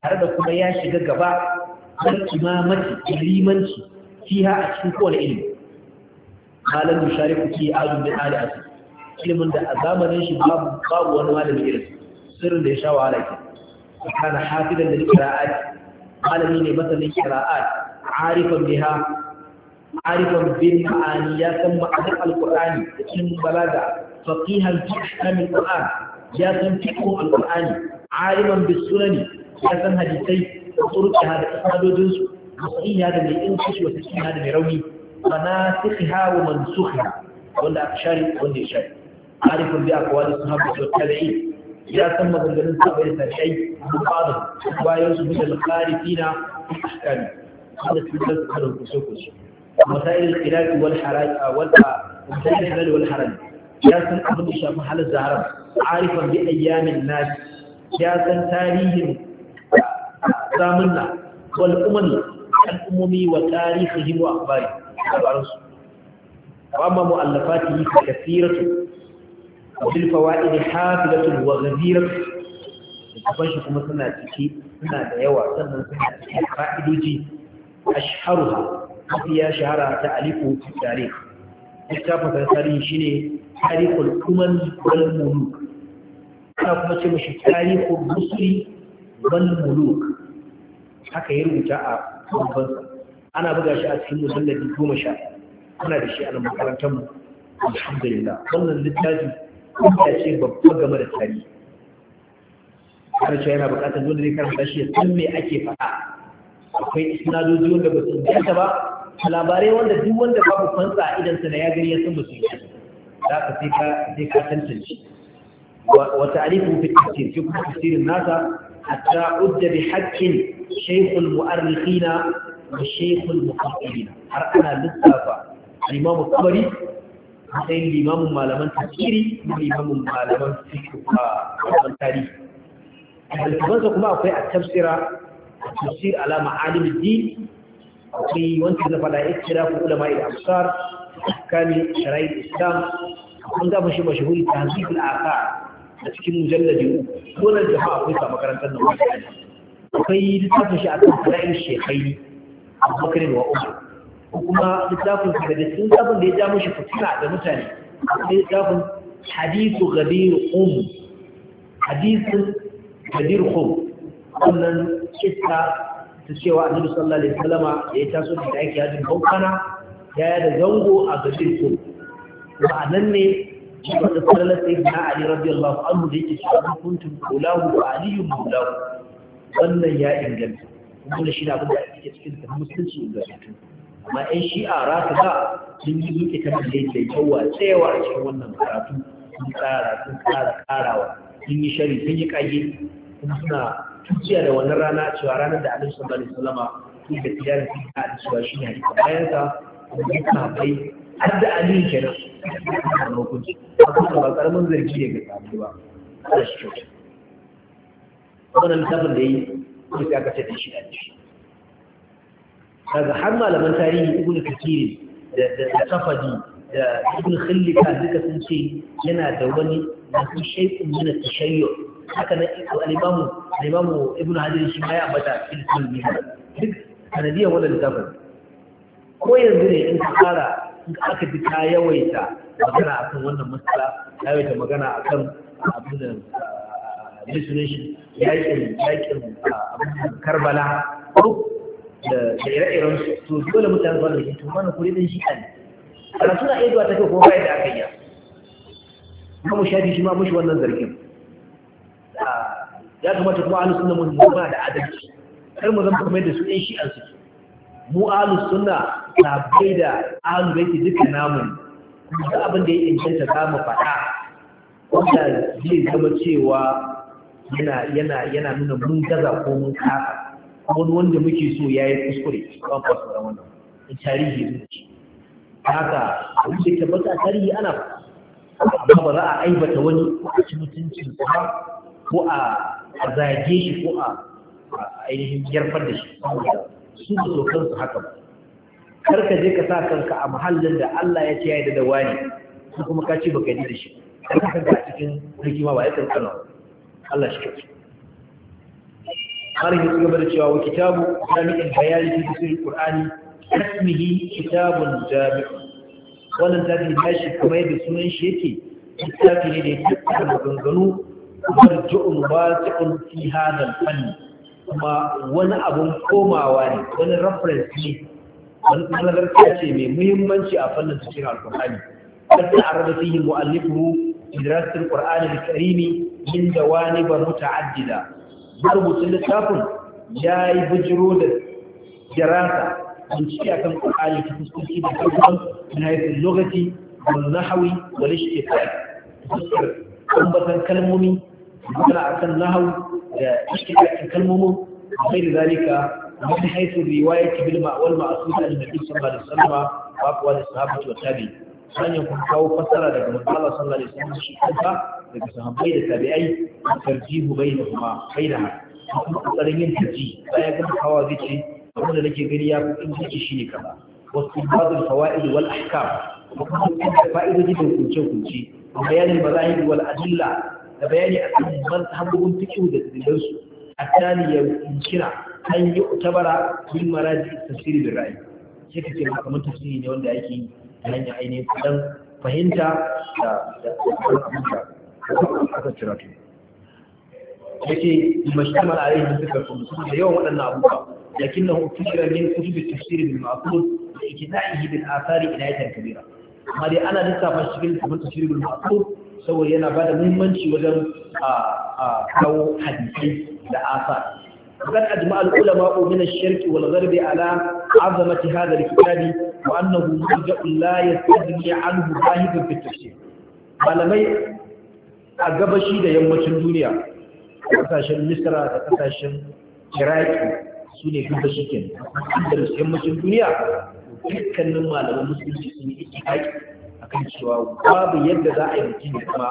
tare da kuma ya shiga gaba wal imamati limanci fiha a cikin kowane ilimi malam mushariku fi azum bin ali asir ilimin da a zamanin shi babu wani malami irin sirrin da ya sha wahala ke Tsakanin hafidan da qira'at malami ne masanin qira'at arifan biha arifan bin ma'ani ya san ma'anar alqur'ani da cin balaga faqihan fi ahkam alqur'an ya san fiqh alqur'ani aliman bis ya san hadisai وطرق هذا وطرقها وجزء وصحيح هذا من إنسش وتسليم هذا من روي مناسخها ومنسوخها ولا أشاري ولا يشاري عارف بأقوال الصحابة والتابعين إذا تم ذلك صحابة التابعين من بعضهم ويوسف من الخارفين في أحكامه هذا تبدأ سبحانه وتسوكس مسائل الخلاف والحراج ومسائل الخلال والحراج يا سن أبن الشيخ محل الزهرة عارفا بأيام الناس ya san tarihin zamunna wal umami al'umumi wa tarihihim wa akhbari labaransu wa amma mu'allafatihi fa kathiratu bil fawaid hafilatu wa ghaziratu kafan shi kuma suna ciki suna da yawa sannan suna ciki fa'idoji ashharuha mafi ya shahara ta alifu tarikh littafin tarihi shine tarihul umam wal muluk ana kuma ce mashi tarihul rusuli wal muluk haka ya rubuta a babban ana buga shi a cikin musallati goma sha ana da shi a nan makarantar mu alhamdulillah wannan littafi ya ce babban game da tarihi karshe yana bukatar wanda zai karanta shi ya san me ake faɗa akwai isnadoji wanda ba su inganta ba labarai wanda duk wanda babu fansa a idansa na ya gani ya san ba su inganta za ka sai ka tantance wa alifin fi tafsir shi kuma tafsirin nasa حتى عد بحق شيخ المؤرخين وشيخ المحققين حرقنا للسافة الإمام الطبري حسين الإمام مالمان تفكيري والإمام مالمان فكر تاريخ الفضل كما أقول التفسير التفسير على معالم الدين في وانت فلا اختلاف علماء الأبصار أحكام شرائع الإسلام عندما مشهور تهذيب الآثار a cikin mujalladi uku ko nan jama'a akwai sa makarantar nan wani akwai littafin shi a kan fara'in shekai abubakar wa umar ko kuma littafin sa daga cikin littafin da ya ja mashi fitina da mutane akwai littafin hadisu gadir um hadisin gadir um wannan kissa ta cewa annabi sallallahu alaihi wasallama ya taso da yake yajin baukana ya yi da zango a gadir um ma'anan ne shi wanda sallar sai na Ali radiyallahu anhu da yake cewa kuntum qulahu wa aliyun mawlahu wannan ya inganta kuma da shi da abin ake cikin ta musulunci ingantattu amma ɗan shi'a raka ba sun yi zuke kan da yake yawa tsayawa a cikin wannan karatu sun tsara sun tsara karawa sun yi shari sun yi kage kuma suna tuciya da wannan rana cewa ranar da alaihi sallallahu alaihi wasallama tun da tijarin sun ta cewa shi ne a bayansa kuma duka bai har da ali kenan na hukunci amma ba karamin zargi ne ga samu ba wannan littafin da yi kuma sai aka ce da shi da shi daga har malaman tarihi ibnu kathir da da safadi da ibnu khillika duka sun ce yana da wani masu shaikun mina tashayyu haka na al-imamu al-imamu ibnu hajar shi ma ya ambata cikin sunan duk sanadiyar wannan littafin ko yanzu ne in ka fara aka ji ta yawaita magana akan wannan matsala ta yawaita magana akan abin da musulunci ah, yakin yakin ah, abin karbala da ire-iren su dole mutane zuwa da shi to mana kuri din shi kan ana suna iya ta kai ko bayan da aka yi kuma mu shafi shi ma mushi wannan zargin ah, ya kamata kuma alusun mu mun zama da adalci kar mu zama kamar da su ɗin shi'an suke mu suna suna sabai da da yake duka namu duk abin da ya inganta za mu faɗa wanda zai zama cewa yana yana nuna mun gaza ko mun kafa wani wanda muke so ya yi kuskure ba ku da wannan in tarihi ne haka abin da ke bata tarihi ana amma ba za a aibata wani ko a ci mutuncin ko a zage shi ko a ainihin yarfar da shi su da sokan su haka kar ka je ka sa kanka a muhallin da Allah ya ce da wani su kuma ka ce baka yi da shi ka kanka a cikin ba ya kankana Allah shi har yanzu gaba da cewa wa kitabu jami'in bayani fi sirri qur'ani ismihi kitabun jami'u wannan tafi tashi kuma yadda sunan shi yake littafi ne da yake da maganganu marju'un wasi'un fi hadal fanni Ma wani abun komawa ne wani reference ne wani malarta ce mai muhimmanci a fannin tafsirin alkur'ani kada a raba fihi mu'allifuhu idrasul qur'ani bil karimi min wani ba muta'addida rubutun littafin yayi bujiro da jarasa bincike akan qur'ani ta fuskoki da kalman na yasin lugati wal nahwi wal ishtiqaq ambatan kalmomi magana kan lahau da cikin kalmomin غير ذلك من حيث الرواية بالمأوى المأسود عن النبي صلى الله عليه وسلم da الصحابة والتابعين tabi ya kuma kawo fassara daga manzala sallallahu alaihi wasallam shi kanta daga sahabbai da tabi'ai da tarjihu bainahuma bainaha kuma kokarin yin tarji baya ga kawo zai ce abin da nake gani ya fi inganci shine kaza wasu ba'dul fawaid wal ahkam kuma kuma fa'idoji da kunce kunce bayanin mazahib wal adilla بياني أن من هم تكود الدروس الثاني يمكن أن يعتبر من مراجع تفسير بالرأي شكرا لكم من تفسير نيوان دائكي لن يعيني قدم فهنت لكن المجتمع عليه من فكرة فمسوط اليوم أن أبوها لكنه فكرة من كتب التفسير بالمعقول لإكتائه بالآثار إناية كبيرة ما دي أنا لسه فاشتغل من تفسير بالمعقول saboda yana ba da muhimmanci wajen kawo hadisai da asa وقد أجمع العلماء من الشرك والغرب على عظمة هذا الكتاب وأنه مرجع لا يستغني عنه ذاهب في التفسير malamai a gabashi da yammacin duniya kasashen misra da ƙasashen iraki su ne gabashi ke andalus yammacin duniya dukkanin malaman musulunci sun yi akan cewa babu yadda za a yi mutum ya kuma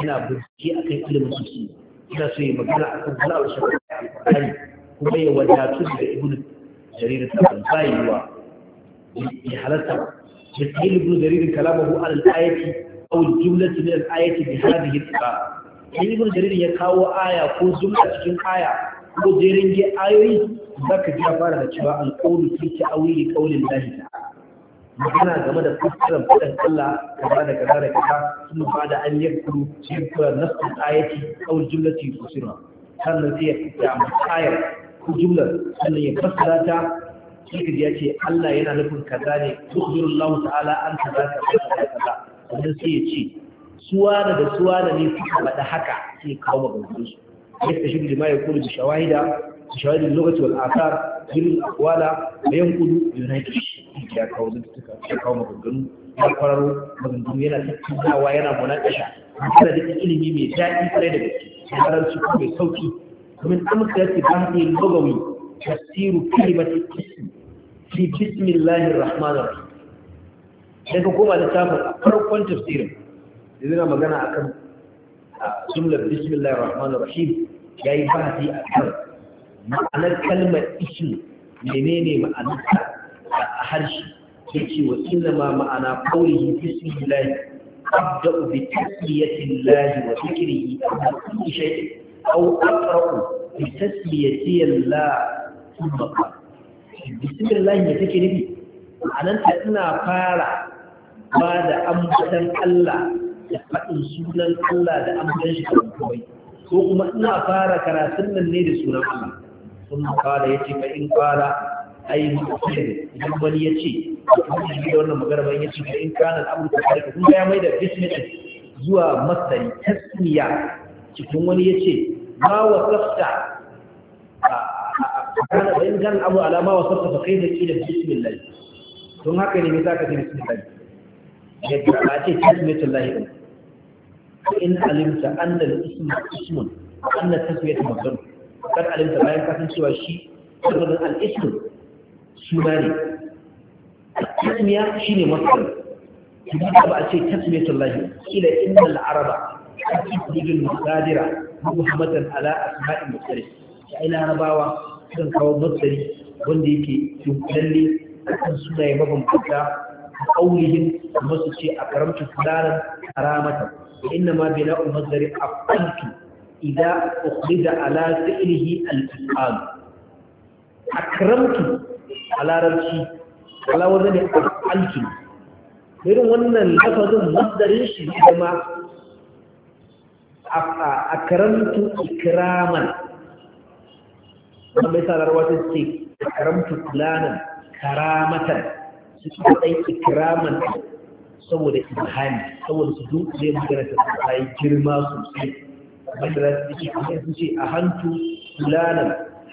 yana bincike kan ilimin sosai yana so ya magana akan kulawar shafi alƙur'ani kuma ya wadatu da ibn jarir tabari ba yiwa ya halatta ya tsaye ibn jarir kalamahu alal ayati aw jumlatu min al ayati bi hadhihi al in ibn jarir ya kawo aya ko jumla cikin aya ko jerin ge ayoyi zaka ji fara da cewa alqawlu fi ta'wili qawlin lahi ta'ala magana game da fassarar faɗin Allah kaza da kaza da kaza sun ba da an yakuru shirkura nasu ayati aw jumlati tusira sannan sai ya fita ayar ko jumlar sannan ya fassara ta sai ka ya ce Allah yana nufin kaza ne tukhbirullahu ta'ala an kaza kaza kaza sannan sai ya ce suwana da suwana ne suka faɗa haka sai kawo maganganun su yadda shi da ma ya kula da shawahida shawahidin lokaci wal asar jirin akwala da yankudu united hadisi ya kawo zuntuka ya kawo maganganu ya kwararo maganganu yana tattaunawa yana munakasha tare da ilimi mai daɗi kwarai da gaske da karanci kuma mai sauki domin amsa ya ce ba ta yi lugawi tafsiru kalimatu ismi fi bismillahir rahmanir rahim sai ka koma da a farkon tafsirin da zina magana a kan jumlar bismillahir rahmanir rahim ya yayi bahasi kan ma'anar kalmar ismi menene ma'anarsa a harshe ce wa inna ma ma'ana qawlihi bismillahi abda'u bi tasmiyatillahi wa dhikrihi qabla kulli shay'in aw aqra'u bi tasmiyatillahi thumma bismillahi ne take nufi anan ta ina fara ba da ambatan Allah da faɗin sunan Allah da ambatan shi kawai ko kuma ina fara karatun nan ne da sunan Allah sun kala yace fa in fara. ai muslim idan wani ya ce wannan shi da wannan magana bayan ya ce da in kana al'amru ta tarika kun ga ya mai da bismillah zuwa masdari tasmiya cikin wani ya ce ma wasafta kana in kan abu alama wasafta fa kai da ke da bismillah don haka ne me zaka ce bismillah ya a ce bismillah din in alimta anna al-ismu ismun anna tasmiyatu mabdun kan alimta bayan kasancewa shi sabbin al-ismu su ba ne tasmiya shi ne masar kuma ba a ce tasmiya tullahi ila inna al'araba a cikin gudun musadira muhammadan ala a sahadin musari ya ina rabawa sun kawo masari wanda yake dunkulalle a kan sunaye mabambanta a ƙaunihin masu ce a karamta fularan karamata inna ma bina un masari a kwantu idan ukhrida ala fi'lihi al-fi'al akramtu a larabci ala wanda a alki irin wannan lafazin masdarin shi zama a karamtu ikraman wanda ya sa larwa ta ce karamtu planan karamatar su ci ɗai ikraman saboda ibrahim saboda su dutse magana ta tsaye girma sosai wanda za su ce a hantu planan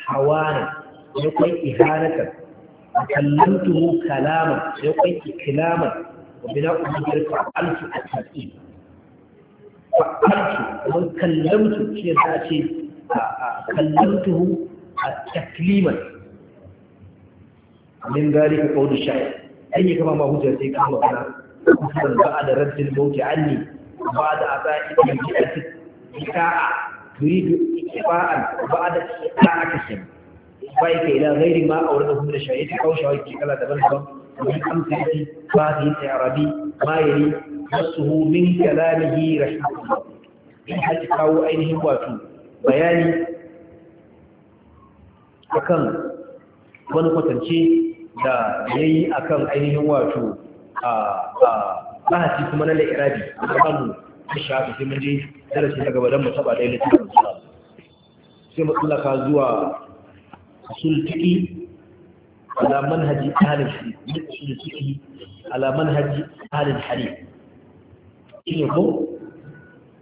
hawanan ya kwai ihanatar وكلمته كلاما سيقيت كلاما وبناء ذلك فعلت التسليم فعلت ومن كلمت شيء ذاتي كلمته تكليما من ذلك قول الشاعر أي كما ما هو جاتي كما أنا بعد رد الموت عني بعد أبائي من جئتك بكاء تريد إطفاء بعد إطاعة الشمس bai ka ila gairi ma a wurin da shari'a ta kawo shawaki kala daban-daban min amsati fadi ta arabi mayiri nasuhu min kalamihi rahimahullah in haji kawo ainihin wato bayani akan wani kwatance da yayi akan ainihin wato bahasi kuma na la'irabi a kan ta shafi sai mun je darasi na gaba don mu taba ɗaya littafin sai mu tsallaka zuwa usul fiqi ala manhaji ahli fiqi usul fiqi ala manhaji ahli hadith shine ko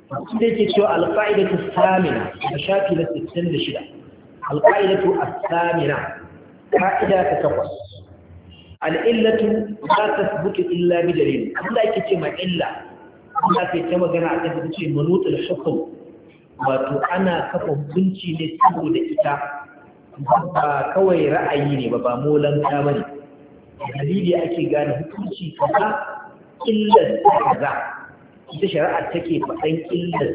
sai yake cewa alqaidatu samina a shafi na 66 alqaidatu as-samina ka'ida ta takwas al'illatu za ta sabuki illa bi dalil abinda ake ce ma illa ana ke ta magana a kan ce manutul hukum wato ana kafa hukunci ne saboda ita ba kawai ra'ayi ne ba ba molan ta bane dalili ake gane hukunci kaza illar kaza ita shari'a take faɗan illar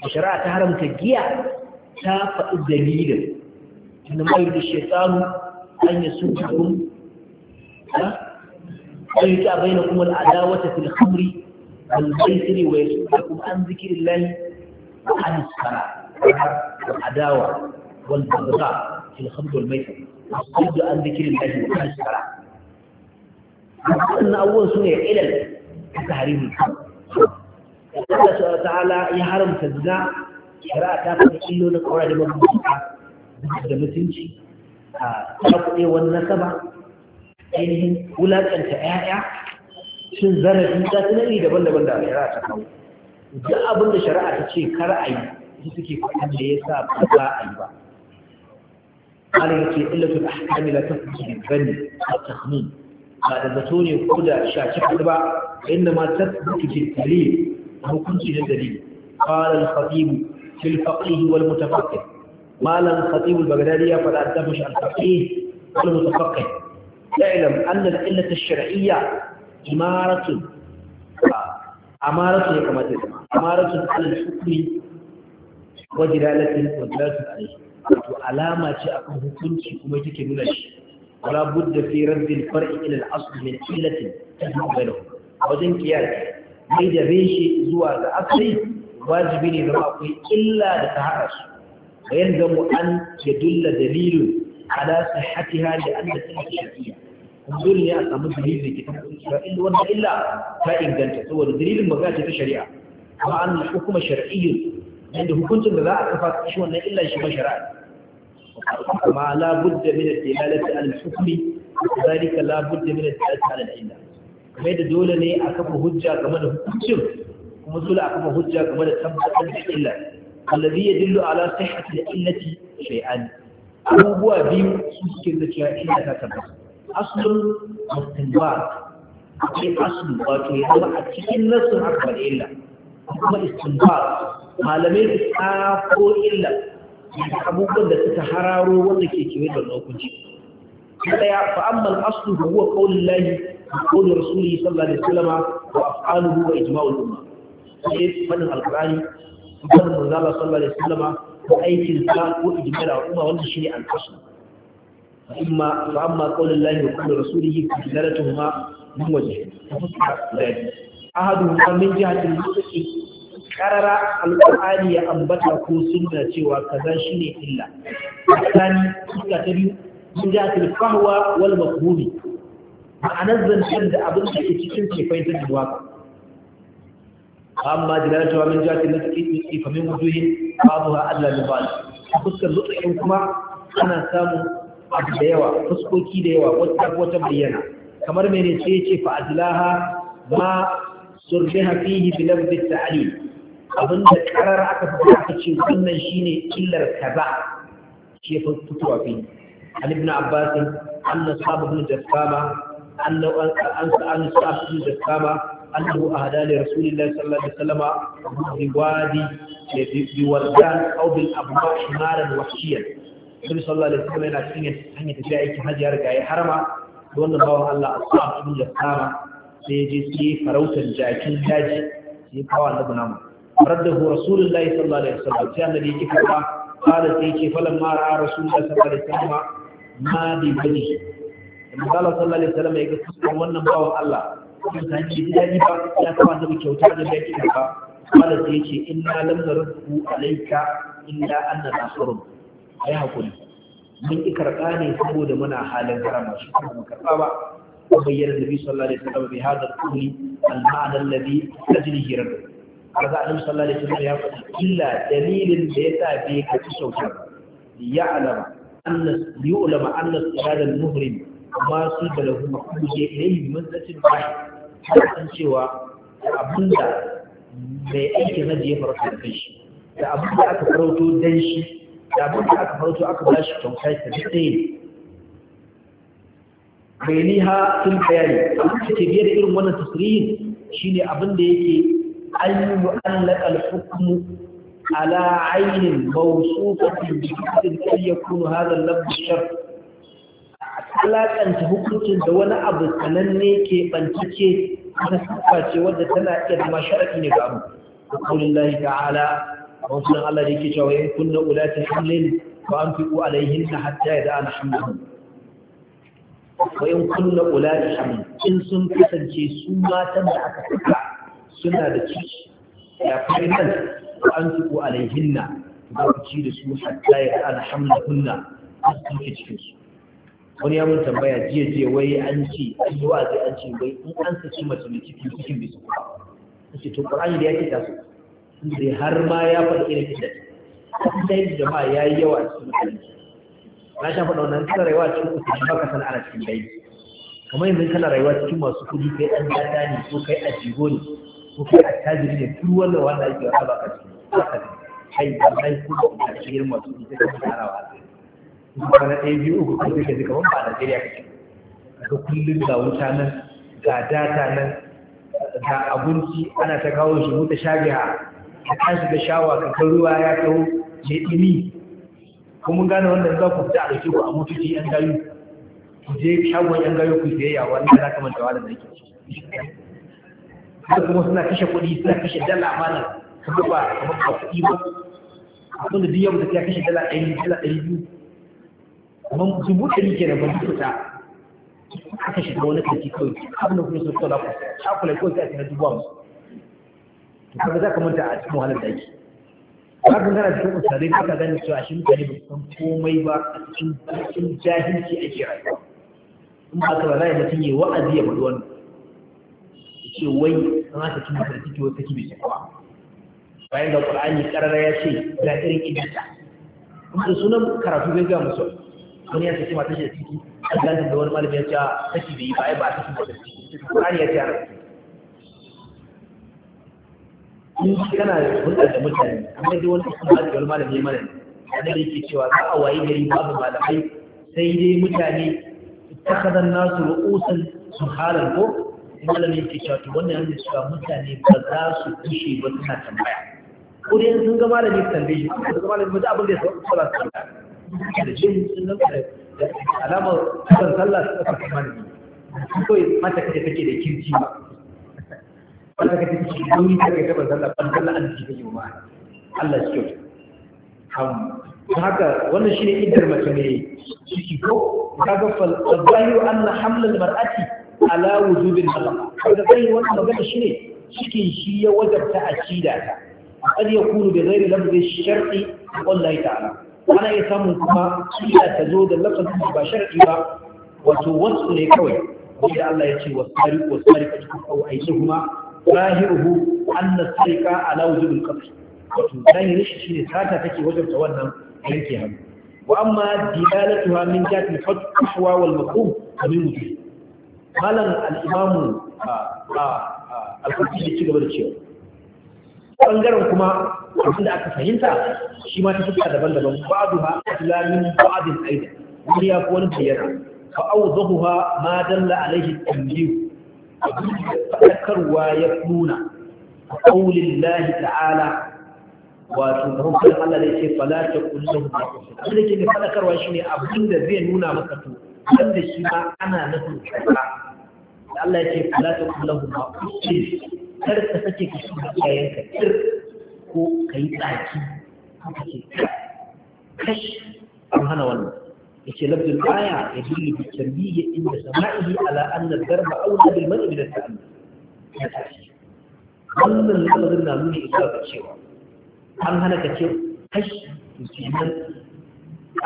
sa shari'a ta haramta giya ta faɗi dalilin inda mai da shekaru an yi sun jikun an yi ta bayyana kuma al'adawata fil hamri al-baisiri wa da kuma an zikirin lahi an sara adawa والبغضاء في الخمر والميسر والصد عن ذكر الله وعن الصلاة أن أول سنة إلى تحريم الحمد الله سبحانه يحرم تزنا شراء تاكل إلو نقرأ لمن مصدقا da mutunci a takuɗewar nasaba ainihin wulaƙanta 'ya'ya cin zarafi ta tunani daban-daban da shari'a ta kawo duk abin da shari'a ta ce kar a yi su suke kwanan da ya sa ba za a yi ba قال يكي قلة الأحكام لا تثبت بالبني والتخمين بعد ذاتوني وقودة شاكي حدبا إنما تثبت بالدليل وهو كنت للدليل قال الخطيب في الفقيه والمتفقه ما لم خطيب البغدادية فلا تفش الفقيه والمتفقه اعلم أن العلة الشرعية إمارة أمارة كما تسمى أمارة على الحكم ودلالة ودلالة عليه wato alama ce akan hukunci kuma take nuna shi wala budda fi raddil far'i ila al-asl min illati tajma'u wajen kiyas mai da reshe zuwa ga asali wajibi ne zama akwai illa da ta haɗa su bayan gamu an yadulla dalilun ala sihhatiha da an da tana shafiya dole ne a samu dalilin da ke tafi cewa illa wannan illa ta inganta saboda dalilin magana ce ta shari'a amma an hukuma shar'iyyu inda hukuncin da za a kafa shi wannan illa shi ba shari'a كما لا بد من الدلالة على الحكم وكذلك لا بد من الدلالة على العلة كما يدى دولة ني أكف هجة كما نهجم ومثل أكف هجة كما نتبت العلة الذي يدل على صحة العلة شيئان abubuwa biyu su suke da cewa ina ta tabbata aslun mustanbat akwai aslu wato ya zama a cikin nasin akbar illa kuma istinbat malamai su tsafo illa abubuwan da suka hararo wanda ke kewaye da hukunci daya fa'amman asu da aslu huwa qawlullahi wa qawlu rasulihi sallallahu alaihi wasallam wa af'aluhu wa ijma'ul umma sai fadin al-qur'ani fadin manzo da sallallahu da wasallam ko aikin sa ko ijma'ul umma wanda shi ne shine al-aslu fa imma fa amma qawlullahi wa qawlu rasulihi fa dalatuhuma min wajhi fa fuska ahadu min jihati al-nusqi karara alƙur'ani ya ambata ko sunna cewa kaza shine illa tsakani suka ta biyu sun ja Fahwa, wal maqbuli ma'anar zancen da abin da ke cikin kefai ta jiwa amma jilalatuwa min jatin na taƙi ifa min wujuhin babu ha Allah min ba'al a fuskar lutsakin kuma ana samun abu da yawa fuskoki da yawa wata wata bayyana kamar mene ce ce fa azlaha ma surbiha fihi bi lafzi ta'lim abin da karar aka fi aka ce wannan shi shine illar kaza shi ya fitowa fi an ibn abbas an sabu ibn jassama an an an bin ibn jassama annahu ahada li rasulillahi sallallahu alaihi wasallam bi wadi bi wardan aw bil abwa himaran wahshiyan Nabi sallallahu alaihi wasallam yana cikin hanyar tafiya yake hajiyar gaye harama da wannan bawan Allah ashabu ibn jassama sai je sai farautar jakin daji sai kawo annabi namu raddahu rasulullahi sallallahu alaihi wasallam sai annabi yake fada kada sai ce falan ma ra'a rasulullahi sallallahu alaihi wasallam ma bi bani Allah sallallahu alaihi wasallam yake fuskar wannan bawan Allah kun san shi dadi ba ya kama da kyauta da yake ba kada sai ce inna lam naruddu alayka illa anna nasrun ayi hakuri mun ki karɓa ne saboda muna halin karama shi kuma karɓa ba وبين النبي صلى الله عليه وسلم بهذا القول المعنى الذي تجري رده kaga annabi sallallahu alaihi wasallam ya faɗi illa dalilin da ya sa bai ka ci sauka ya alama anna yu'lama anna siradan muhrim ma su da lahu maqbuje ilayhi manzatin ba'i har cewa abinda mai aiki na je farko da shi da abinda aka farauto dan shi da abinda aka farauto aka ba shi kyauta ta dai bayaniha sun bayani abin da ke biyar da irin wannan tasirihin shine abin da yake an yu'allaq al-hukmu على عين موصوفة بجهد كي يكون هذا اللفظ الشرط alaƙanta hukuncin da wani abu sananne ke ɓantake na siffa ce wadda tana iya zama sharaɗi ne ga abu da kaunin ta'ala a wasu Allah da yake cewa yin kunna ulatin hamlin ba an fiƙo alaihin na hatta ya da'ana hamlin wa yin kunna ulatin hamlin in sun kasance su matan da aka saka suna da ciki ya fari nan an tuku alaihinna ba ku ci da su hatta ya ana hamla kunna a suke cikin su wani ya mun tambaya jiya jiya wai an ce an yi wa'azi an ce wai in an ci mace mai cikin cikin bai su ce to ƙwar'ani da ya ce ta su sai har ma ya faɗi irin inda sai da jama'a ya yi yawa a cikin mutane na sha faɗa wannan kana rayuwa cikin kusurci ba ka sana ana cikin bai. kamar yanzu kana rayuwa cikin masu kudi kai ɗan gata ne ko kai a jigo ne su kai a tajiri ne duk wanda wanda ake wata ba ka cikin haka ne kai ba kai ko ba ka cikin masu ita ta tara wa sai kuma na ɗaya biyu uku ko sai ka ji kamar ba Najeriya kake kaga kullum ga wuta nan ga data nan ga abinci ana ta kawo shi mutu shagiya ka tashi da shawa ka kan ruwa ya kawo mai ɗini kuma gane wannan za ku fita a ɗauke ku a mutuci yan gayu ku je shagon yan gayu ku je yawa ne za ka manta wa da nake har kuma suna kashe kuɗi suna kashe dala mana ka ga ba kamar ba kuɗi ba abin da duk da ya kashe dala ɗari dala ɗari biyu kamar dubu ɗari kenan ba duk fita aka shiga wani kanti kawai abin da kuma sun kawai lafa shakula kawai sai a cikin dubu to kaga za ka manta a cikin wahalar da ake ka ga kana cikin misalai ka gane cewa shi mutane ba su san komai ba a cikin cikin jahilci ake rayuwa in ba ka ba za a mutum ya wa'azi ya faɗi wani. ce wai za aka cimma da ciki wata kibi bai ba bayan da qur'ani karara ya ce ga irin idanta kuma da sunan karatu bai ga musu wani ya saki mata da ciki an ganta da wani malami ya ce ah, saki bai ba ai ba saki ba da ciki qur'ani ya ce ah, in kana hulɗar da mutane amma da wani kuma da wani malami ya mana ne da yake cewa za a wayi gari babu malamai sai dai mutane ittakhadha an-nasu ru'usan subhanan ko malamin ke cewa to wannan yana cewa mutane ba za su kushe ba suna tambaya ko dai sun ga malami su tambaye shi sun ga malami mutu abin da ya sauka su su tambaya da jin sun ga da alamar kan sallah su ɗauka malami kawai mata kace take da kirki ba wanda ka take shi don yi take gaba sallah ban sallah an ji kake ma Allah shi kyau don haka wannan shi ne iddar mace mai ciki ko kaga fal zahiru na hamlal mar'ati ala wujubin nafaqa kaga sai wannan magana shine cikin shi ya wajabta a cida ta qad yakunu bi ghairi lafzi shar'i wallahi ta'ala ana iya samun kuma cida ta zo da lafazin ba shar'i ba wato wasu ne kawai wanda Allah ya ce wasari wasari ka cikin kawo aiki kuma zahiruhu anna sarika ala wujubin qatl wato zahirin shi shine sata take wajabta wannan yanke hannu wa amma dilalatuha min jati al-fath ahwa wal maqum min wujub malam al'imamu alkuki ya ci gaba da cewa ɓangaren kuma abin da aka fahimta shi ma ta fuska daban-daban ba'adu ha islamin ba'adin aida wani ya fi wani bayyana Ka auzahu ha ma dalla alaihi tambiyu abin da faɗakarwa ya nuna a ƙaunin lahi ta'ala wato kamar kudin Allah da yake fala ta kullum ba abin da ke da fadakarwa shine abin da zai nuna maka to wanda shi ma ana nufin kaza Allah ya ce kula ta kula ma kuce kar ka sake ka shi da iyayen ka kir ko ka yi tsaki haka ce kashi, an hana wannan ya ce lafzin aya ya dilli bikin tarbiyya inda sama'ihi ala anna darba aula bil mar'i min al-ta'am wannan lafzin na nuna ita ga cewa an hana ka ce kash kenan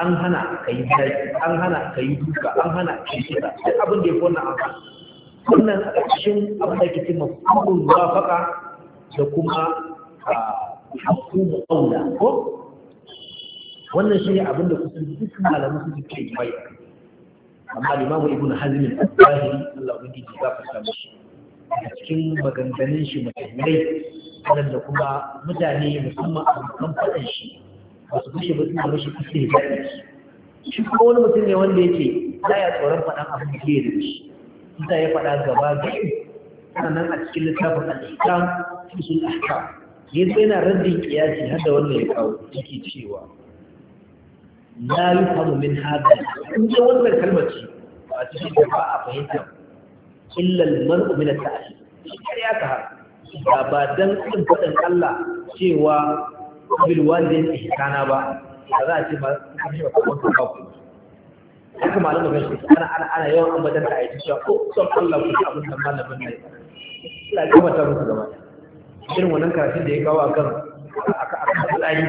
an hana ka yi daji an hana ka yi duka an hana ka yi kisa duk abin da ya fi wannan an hana wannan a ƙarshen abin da ke cewa kubun muwafaka da kuma da aula ko wannan shi ne abin da kusan duk malamu su ke bai amma limamu ibn hazmin al-zahiri Allah za ya samu shi. a cikin maganganun shi mutane waɗanda kuma mutane musamman a kan faɗin shi ba su kushe ba su suna mashi kusa da shi shi kuma wani mutum ne wanda yake ya tsoron faɗan abin da ke da shi isa ya faɗa gaba gari sannan a cikin littafin al'ikam cikin ahkam ya zai na raddin kiyasi har da wannan ya kawo yake cewa Na yi famu min haɗa in ji wannan kalmar ba a cikin da ba a fahimta illal mar'u min ta'ati shi kariya ka ba ba dan kan faɗin Allah cewa bil walidin ihsana ba za a ce ba ka ba ka ba haka malamin shi ana ana ana yawan ambatar da aiki cewa ko oh, son Allah ku ci abin da malamin ne Allah ya kamata musu gaba irin wannan karatun da ya kawo akan aka aka fitsari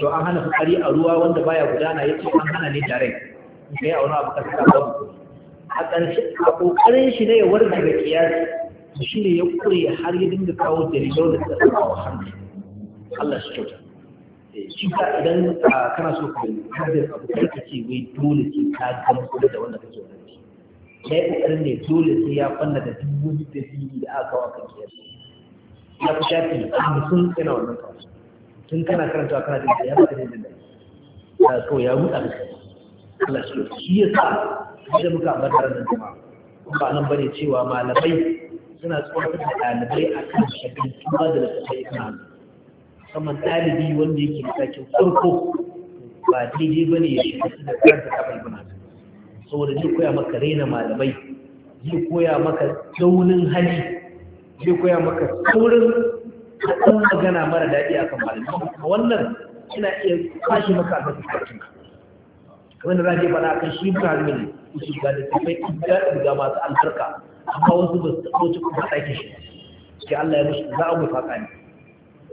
to an hana fitsari a ruwa wanda baya gudana yace an hana ne tare in a wani abu ka saka babu a ƙarshe a ƙoƙarin shi ne ya warge da kiyasi shi ne ya kure har ya dinga kawo dalilan da ta tsawa hannu Allah shi kyauta shi ka idan ah, kana so ka yi hadda abu kai ka ce wai dole sai ka gamsu da wanda kake wani shi ya yi kokarin ne dole sai ya fanna da dubu da biyu da aka kawo kan kiyar ya fi shafi hamsin yana wannan kawo tun kana karantawa kana da ya fi da da ya kawai ya rutsa da kai Allah shi shi ya sa da muka ambata nan jama'a ba nan bane cewa malamai suna tsoratar da ɗalibai akan shagaltuwa da littattafai kan hannu Saman ɗalibi wanda yake matakin farko ba daidai ba ne ya shiga cikin da karanta kafin guna saboda zai koya maka raina malamai zai koya maka daunin hali zai koya maka saurin haɗin magana mara daɗi a kan malamai wannan ina iya kashi maka albasa karfin ka kamar da za ke faɗa kan shi ba ne su ga da tafai ɗin ga masu albarka amma wasu ba su taɓa kuma mataki shi ke Allah ya mushi za a mu faƙa ne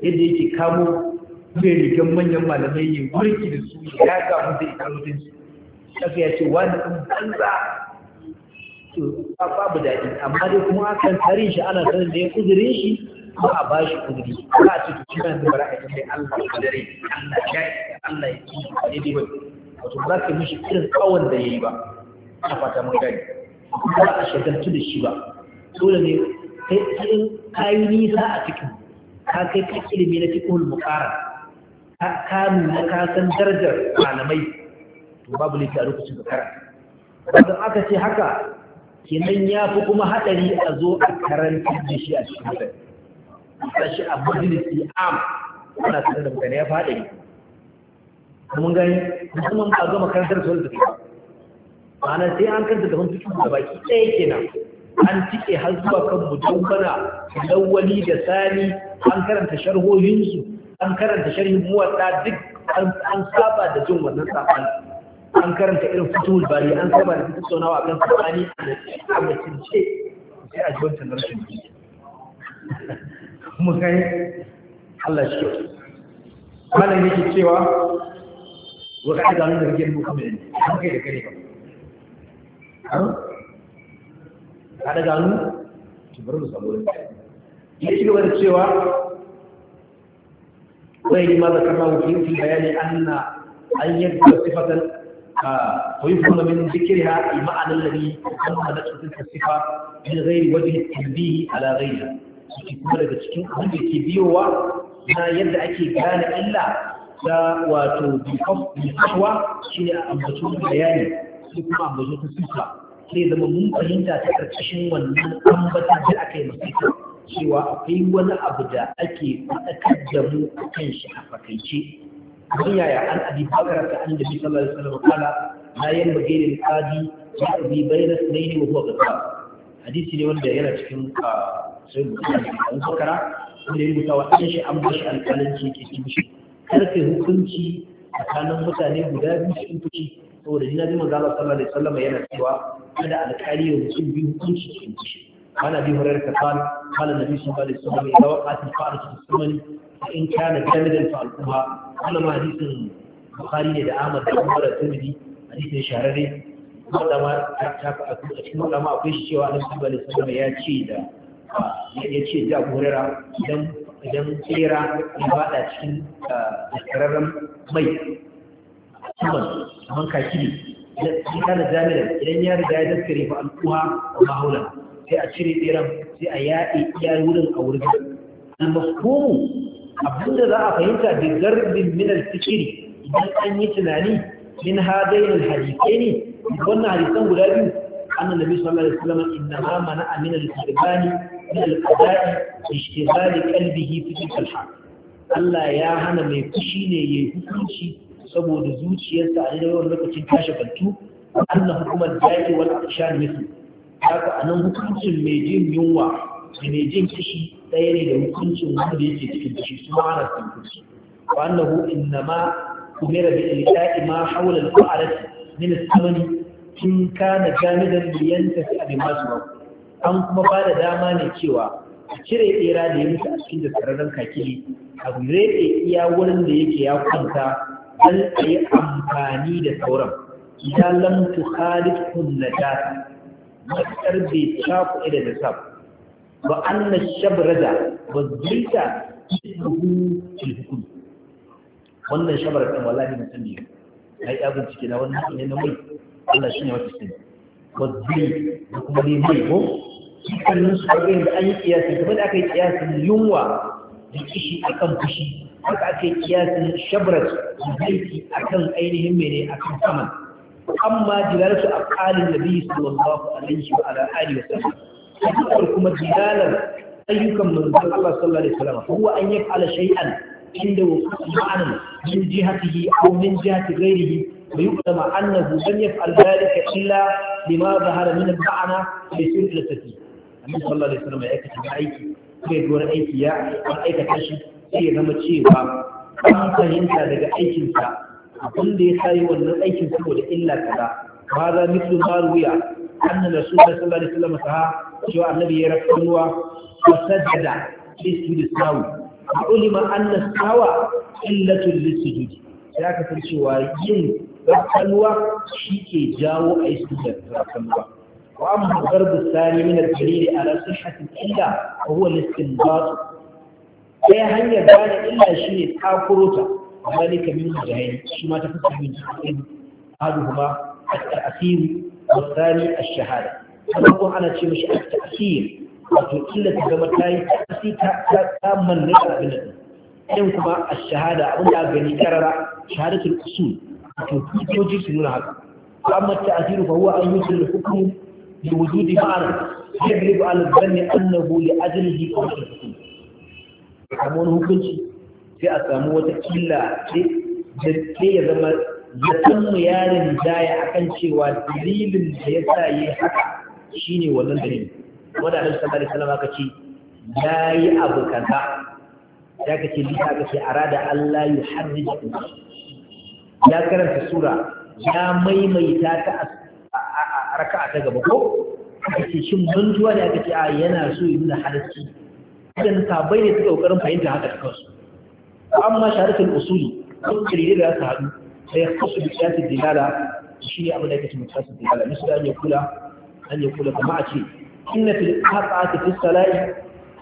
yadda yake kamo zai rikon manyan malamai ya wurki da su ya gamu da ita su shafi ya ce wani ɗin banza to babu daɗi amma dai kuma akan tarin shi ana sanar da ya kudurin shi ko a ba shi kuduri za a ce to shi yanzu bara a yi Allah ya dare Allah ya Allah ya ci ne dai bai wato ba ka mishi irin tsawon da yayi ba a fata mun gani ba a shagaltu da shi ba dole ne sai in kayi nisa a cikin ka kai ka ilimi na fiqhul muqarrar ka kanu na ka san darajar malamai to babu laifi a lokacin ka karanta wanda aka ce haka kenan ya fi kuma haɗari a zo a karanta da shi a cikin mutane ta shi a majalisi am ana tare da mutane ya fi haɗari mun gani musamman ba zo makarantar su wanda ba ma'ana sai an karanta da wani cikin da baki ɗaya kenan an tike har zuwa kan mujabbana lawali da sani an karanta sharhohinsu an karanta sharhin muwadda duk an saba da jin wannan sabani an karanta irin fituhul bari an saba da tattaunawa akan sabani a ce sai a jiwon wancan shi kuma kai Allah shi kyau malam yake cewa wa ka'ida nan da rigiyar mu kuma ne kai da kare ba ka daga hannu ki bar mu samu wani ya ci gaba da cewa wai ma zakar ma wuce fi bayani anna an yadda sifatan ويفهم من ذكرها المعنى الذي تضمنته تلك الصفة من غير وجه التنبيه على غيرها kuma daga cikin abin da ke biyowa na yadda ake gane illa da wato bifashwa shi ne a ambato bayani su kuma ambato ta suka sai zama mun fahimta ta karkashin wannan ambata da aka yi masu cewa akwai wani abu da ake faɗakar da mu a kan shi a fakaice don yaya an abi bakar ta an da bisa lalata salama kala na yan bagairin kadi ya abi bayyana su ne wa huwa gaba hadisi ne wanda yana cikin ah, sai bukari an bakara wanda ya rubuta wa ɗan shi an bashi alƙalanci ke Kar ka yi hukunci tsakanin mutane guda biyu su in saboda jina jin manzo Allah sallallahu alaihi yana cewa da alƙali ya mutum bi hukunci cikin shi ana bi horar ka kan kana nabi sallallahu alaihi wasallam ya wa qatil fa'al fi sunani in kana jamidan fa al-umma wannan hadisin Bukhari ne da Ahmad da Umar da Tirmidhi hadisin shahararre wanda ma ta fa a cikin wanda ma akwai shi cewa Annabi sallallahu alaihi wasallam ya ce da ya ce da Hurairah idan idan tsira ya bada cikin tsararren mai kiman kamar kakiri idan kana jami'ar idan ya riga ya daskare fa al'uwa wa mahaula sai a cire tseren sai a yaɗe iya wurin a wurin al-mafhumu abinda za a fahimta bi garbin min al idan an yi tunani min hadain al ne wannan hadisan guda biyu annan nabi sallallahu alaihi wasallam inna ma mana amina al-kirbani min al-qada'i ishtighali qalbihi fi tilka al Allah ya hana mai fushi ne yayi hukunci saboda zuciyarsa a daidai wani lokacin ta bantu annan hukumar daji wal akshan miki haka anan hukuncin mai jin yunwa da mai jin kishi ɗaya ne da hukuncin wanda yake cikin kishi su ma'ana sun kishi وأنه ma أمر بإلقاء ما حول الفأرة من الثمن إن كان جامدا لينتفع بما سواه an kuma ba da dama ne cewa a cire tsera da ya mutu a cikin da tsararren kakiri a rete iya wurin da yake ya kwanta dan a yi amfani da sauran ya lam tu khalid kun najasa matsar bai ida da nasab ba anna shabrada wa zulta ismuhu fil hukum wannan shabrada kan wallahi mutum ne ai abin cike na wannan ne na mai Allah shi ne wata ba wa da kuma ne mai ko dukkanin su da an yi kiyasi kuma da aka yi kiyasin yunwa da kishi akan fushi haka ake kiyasin shabrat zaiti akan ainihin mene akan saman amma biyu aqalin nabi sallallahu alaihi wa ala alihi wasallam sai kuma jilalar ayyukan manzon Allah sallallahu alaihi wasallam huwa an yaf'ala shay'an inda ma'anan min jihatihi aw min jihati ghayrihi ويقدم أنه لم يفعل ذلك إلا لما ظهر من المعنى بسوء التسليم النبي صلى الله عليه وسلم يكتب aiki. bai gona aiki ya an aikata shi sai ya zama cewa an fahimta daga aikinsa abin da ya sayi wannan aikin saboda illa kaza ba za mislu ma ruya anna rasulullahi sallallahu alaihi wasallam saha cewa annabi ya rafa ruwa wa sajada fi sujudi sawi ulima anna sawa illatu lisujud sai aka san cewa yin rafa shi ke jawo a yi sujud rafa ruwa واما الضرب الثاني من الدليل على صحه الا وهو الاستنباط sai hanyar gane illa shi ne takuruta amma ne kamin mujahid shi ma ta fi kamin samun jikin ahaduhuma at-ta'sir wa thani a shahada ko ana ce mishi at-ta'sir wato illa ta zama ta yi ta'sir ta ta na da abin nan ɗin kuma a shahada abin da gani karara shahadatul usul wato hujjoji su nuna haka amma at-ta'sir fa huwa an yusul hukm bi wujudi ma'arif يجلب على الظن أنه لأجله أو الحكم samu wani hukunci sai a samu wata killa ce da ke ya zama zaton mu yarin daya akan cewa dalilin da ya sa yi haka shine wannan dalilin wanda annabi sallallahu alaihi wasallam aka ce ya yi abu kaza ya kace ni aka ce arada Allah ya harrija ya karanta sura ya maimaita ta a raka'a ta gaba ko kace ce shin mantuwa ne aka ce a yana so yi nuna halarci idan sabai ne suka kokarin fahimta haka da kansu amma sharatul usuli duk kirire da ta haɗu sai ya kasu bi kiyasi dilala shi ne abin da yake cikin kiyasi dilala misali an ya kula an ya kula kuma a ce inna fil qata'ati fi salati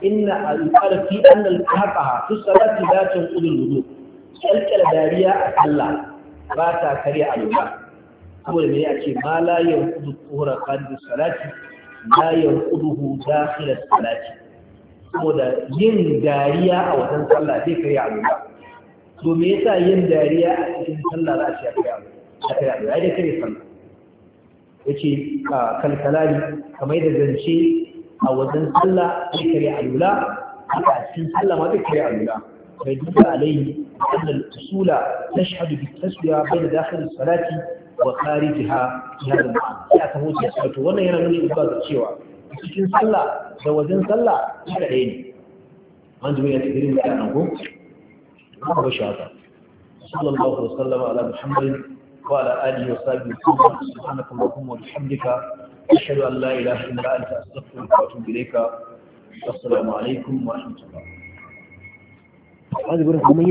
inna al-qala fi anna al-qata'a fi salati la tanqudu al-wudu dariya a Allah ba ta karya a kare Kuma da mai a ce ma la yanqudu tuhura qadi salati la yanquduhu da salati saboda yin dariya a wajen sallah zai kai alula to me yasa yin dariya a cikin sallah za a ce kai alula a kai alula ai da kai sallah Ya ce a kalkalari kamar da zance a wajen sallah zai kai a haka a cikin sallah ma zai kai alula bai duka alaihi annal usula tashhadu bi taswiya bayna dakhil salati wa kharijiha ya da ma'a ya kawo ce to wannan yana nuna ibada cewa cikin sallah da wajen sallah shi ɗaya ne an zuwa ya tafirin da ana ko kuma ba shi haka sallallahu alaihi wasallam ala muhammadin وعلى آله وصحبه وسلم سبحانك اللهم وبحمدك أشهد أن لا إله إلا أنت أستغفرك وأتوب إليك السلام عليكم ورحمة